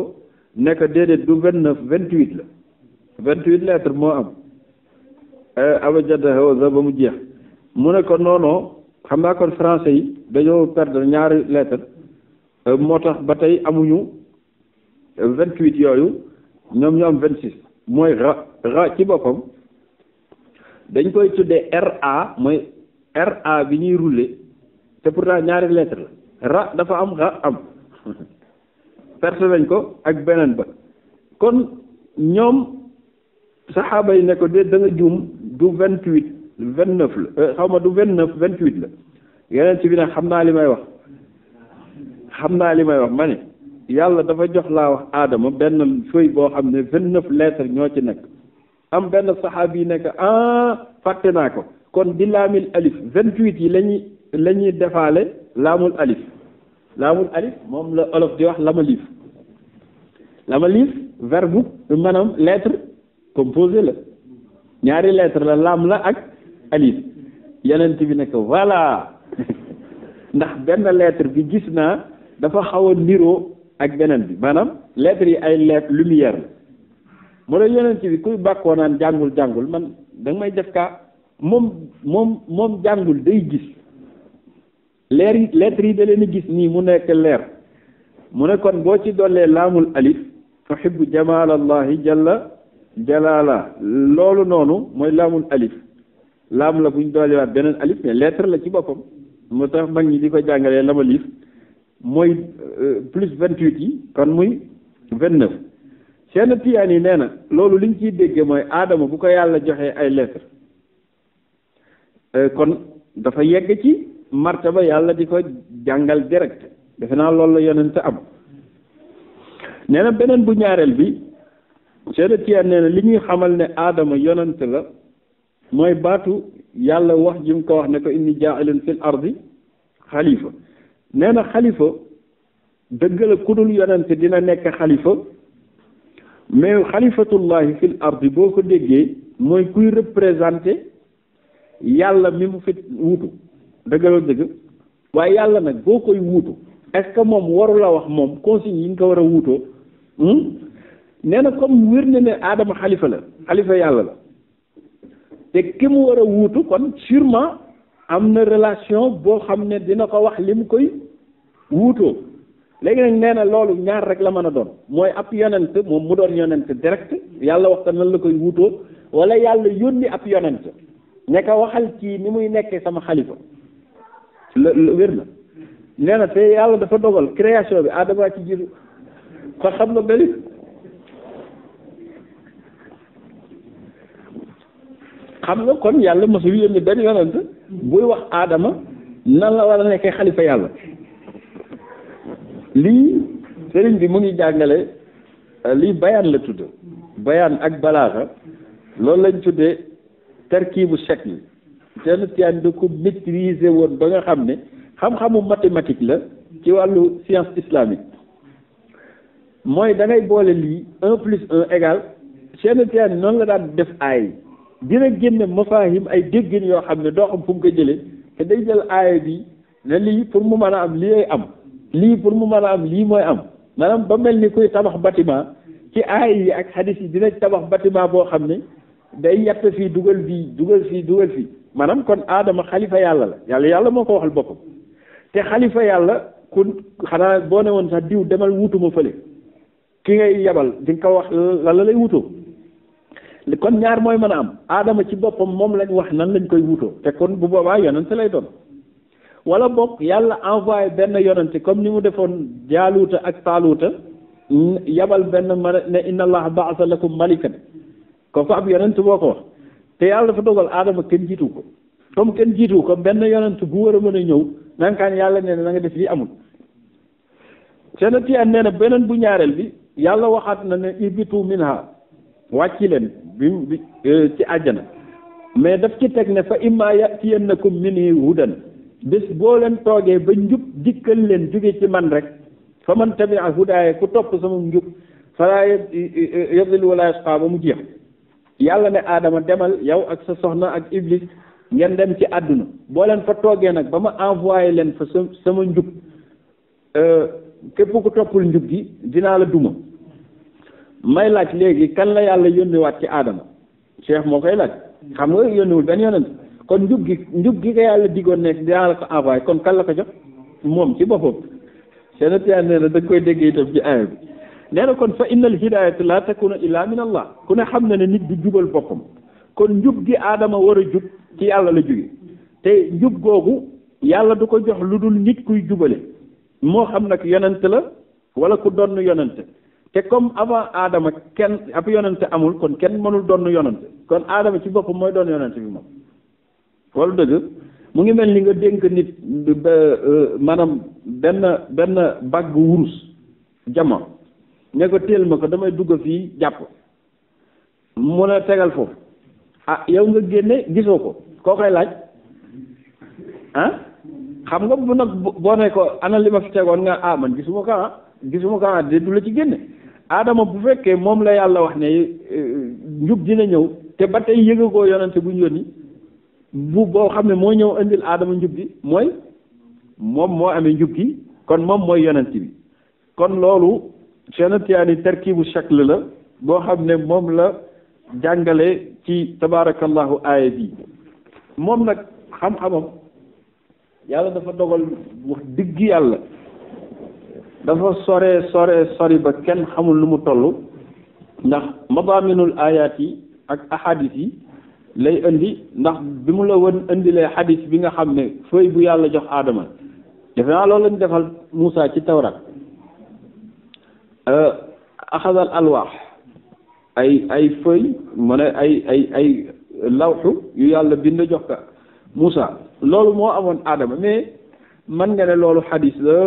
nekk déedéet du vingt neuf vingt huit la vingt huit lettres moo am eh, abajada ba mu jeex mu ne ko noonoo xam naa kon français yi dañoo perdre ñaari lettres eh, moo tax ba tey amuñu vingt huit yooyu ñoom ñoom am vingt six mooy ra ra ci boppam dañ koy tuddee ra mooy ra bi ñuy rouler te pourtant ñaari lettres la ra dafa am ra am perte nañ ko ak beneen ba kon ñoom saxaaba yi ne ko de da nga du vingt huit vingt neuf la euh, xaw du vingt neuf vingt huit la yeneen ci bi ne xam naa li may wax xam naa li may wax ma ne yàlla dafa jox laa wax aadama benn feuille boo xam ne vingt neuf lettres ñoo ci nekk am benn saxaabi yi nekk ah fàtte naa ko kon di laamil alif vingt huit yi lañuy la ñuy defaale laamul alif laamul alif moom la olof di wax lama liif lama liif verbe maanaam lettre composé la ñaari lettre la laam la ak alif yenent bi nekk voilà ndax benn lettre bi gis naa dafa xaw a niroo ak beneen bi maanaam lettre yi ay lettre lumière la mu la yenent bi kuy bàkkoo naan jàngul jàngul man da may def kaa moom moom moom jàngul day gis leer yi lettres yi da leen gis nii mu nekk leer mu ne kon boo ci dollee laamul alif tuhibbu jamaal allahi jalla jalaala loolu noonu mooy laamul alif laam la bu ñu dollee beneen alif mais lettre la ci boppam moo tax mag ñi di ko jàngalee la ma liif mooy euh, plus vingt huit kon muy vingt neuf seen tiyaan yi nee na loolu liñ ciy dégge mooy aadama bu ko yàlla joxee ay lettre euh, kon dafa yegg ci martaba yàlla di ko jàngal direct defe naa loolu la yonent am nee beneen bu ñaareel bi Cheikh Tijaan nee na li ñuy xamal ne aadama yonent la mooy baatu yàlla wax ji mu ko wax ne ko indi inni jaa'ilun fil ardi xalifa nee na xalifa dëgg la ku dul yonent dina nekk xalifa mais xalifatullahi fil ardi boo ko déggee mooy kuy représenté yàlla mi mu fi wutu dëggaloo dëgg waaye yàlla nag boo koy wuutu est-ce moom warula wax moom consigne yi nga ko war a wuutoo hmm? nee na comme wér na ne aadama xalifa la xalifa yàlla la te ki mu war a wuutu kon sûrement am na relation boo xam ne dina ko wax li mu koy wuutoo léegi nag nee na loolu ñaar rek la mën a doon mooy ab yonent moom mu doon yonent direct yàlla wax ko nan la koy wuutoo wala yàlla yónni ab yonent ne ko waxal kii ni muy nekkee sama xalifa la wér na nee te yàlla dafa dogal création bi Adama ci jiitu kon xam nga dalil xam nga kon yàlla mosul yónni benn yonent buy wax aadama nan la war a nekkee xalifa yàlla lii sëriñ bi mu ngi jàngale lii bayaan la tudd bayaan ak balaaxa loolu lañ tuddee tarkiibu shakl Seexna Tijaan da ko maîtriser woon ba nga xam ne xam-xamu mathématique la ci wàllu science islamique mooy dangay boole lii un plus un égal Seexna Tijaan noonu la daan def aay dina génne mafaahim ay déggin yoo xam ne doo xam fu mu ko jëlee te day jël aaya bi ne lii pour mu mën a am lii am lii pour mu man a am lii mooy am maanaam ba mel ni kuy tabax bâtiment ci aaya yi ak xadis yi dina tabax bâtiment boo xam ne day yàtt fii dugal bii dugal fii dugal fii maanaam kon aadama xalifa yàlla la yàlla yàlla moo ko waxal boppam te xalifa yàlla ku xanaa boo ne woon sax diw demal wutuma fële ki ngay yabal di nga ko wax la lay wutoo kon ñaar mooy mën a am aadama ci boppam moom lañ wax nan lañ koy wutoo te kon bu boobaa yonent lay doon wala boog yàlla envoyé benn yonent comme ni mu defoon jaaluuta ak taaluuta yabal benn ma ne inna allah baasa lakum malikan kooku ab yonent boo ko wax te yàlla dafa dogal aadama kenn jiitu ko comme kenn jiitu ko benn yonent bu war a mën a ñëw nankaan yàlla nee na na nga def lii amul seena tiyaan nee na beneen bu ñaareel bi yàlla waxaat na ne ibitu mina wàcci leen bi e, ci àjjana mais daf ci teg ne fa imma yatiyannakum minni hudan bés boo leen toogee ba njub dikkal leen jóge ci man rek fa man tabia hudaaya ku topp sama njub falaa yadil e, e, wala yasqa ba mu jeex yàlla ne aadama demal yow ak sa soxna ak iblis ngeen dem ci àdduna boo leen fa toogee nag ba ma envoyé leen fa sa sama njub euh, képp ko toppul njub gi dinaa la duma may laaj léegi kan la yàlla yónniwaat ci aadama cheikh moo koy laaj xam nga yónniwul benn yonent kon njub gi njub gi ko yàlla diggoon nekk dinaa la ko envoyé kon kan la ko jox moom ci boppam seen nee na da koy dégg itam ci aaya bi nee na kon fa innal hidayatu la takunu illaa min allah ku ne xam na ne nit du jubal boppam kon njub gi aadama war a jub ci yàlla la jóge te njub googu yàlla du ko jox lu dul nit kuy jubale moo xam nag yonent la wala ku donn yonent te comme avant aadama kenn ab yonent amul kon kenn mënul donn yonent kon aadama ci boppam mooy doon yonent bi moom wala dëgg mu ngi mel ni nga dénk nit ba euh, maanaam benn benn bàgg wurus jama ne ko téel ma ko damay dugg fii jàpp mu ne tegal foofu ah yow nga génne gisoo ko koo koy laaj ah xam nga bu nag boo ne ko ana li ma fi tegoon nga ah man gisuma ko ah gisuma ko ah du la ci génne aadama bu fekkee moom la yàlla wax ne eh, njub dina ñëw te ba tey yëga koo yonante bu ñu yónni bu boo xam ne moo ñëw indil aadama njub gi mooy moom moo amee njub gi kon moom mooy yonante bi kon loolu Cheikh Tijaani tarkibu shakl la boo xam ne moom la jàngale ci tabaarakallahu aaya bi moom nag xam-xamam yàlla dafa dogal wax dëgg yàlla dafa sore sore sori ba kenn xamul lu mu toll ndax madaaminul aayaat yi ak ahadis yi lay indi ndax bi mu la won indilee hadis bi nga xam ne fëy bu yàlla jox aadama defe naa loolu lañu defal Moussa ci tawrat Euh, axadal alwaax ay ay feuille mu ay ay ay lawxu yu yàlla bind jox ka Moussa loolu moo amoon aadama mais man nga ne loolu xadis la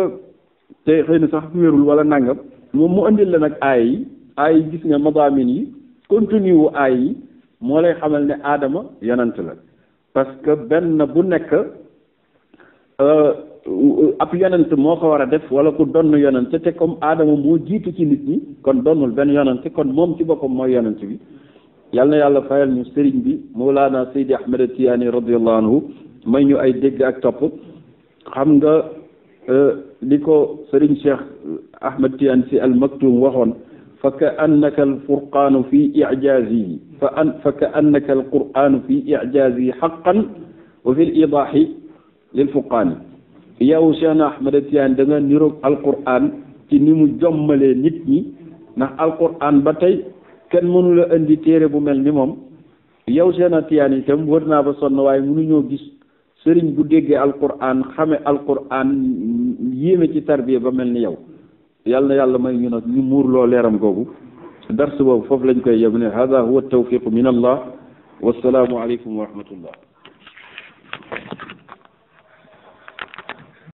te xëy na sax wérul wala nàngam moom mu indil la nag aay yi aay yi gis nga madaamin yi contenu wu aay yi moo lay xamal ne aadama yonent la parce benn bu nekk. Euh, ab yonent moo ko war a def wala ku donn yonent te comme aadama moo jiitu ci nit ñi kon donnul benn yonent kon moom ci boppam mooy yonent bi yal na yàlla fayal ñu sëriñ bi Mawlana Seydi Ahmed Tiyaani radiyallahu anhu may ñu ay dégg ak topp xam nga euh, li ko sëriñ Cheikh Ahmed Tiyaani si al maktum waxoon fa ka annaka al furqaanu fi ijaazihi fa an wa fi l idaahi lil furqaani yow Cheikhna Ahmed Tidiane da nga niroog alquran ci ni mu jommalee nit ñi ndax alquran ba tey kenn mënula indi téere bu mel ni moom yow Cheikhna Tidiane itam wër naa ba sonn waaye ñoo gis sëriñ bu déggee alquran xame alquran yéeme ci tarbiya ba mel ni yow yàlla na yàlla may ñu nag ñu muur loo leeram googu dars boobu foofu lañ koy yem ne hada huwa tawfiqu min allah wassalaamu aleykum wa rahmatullah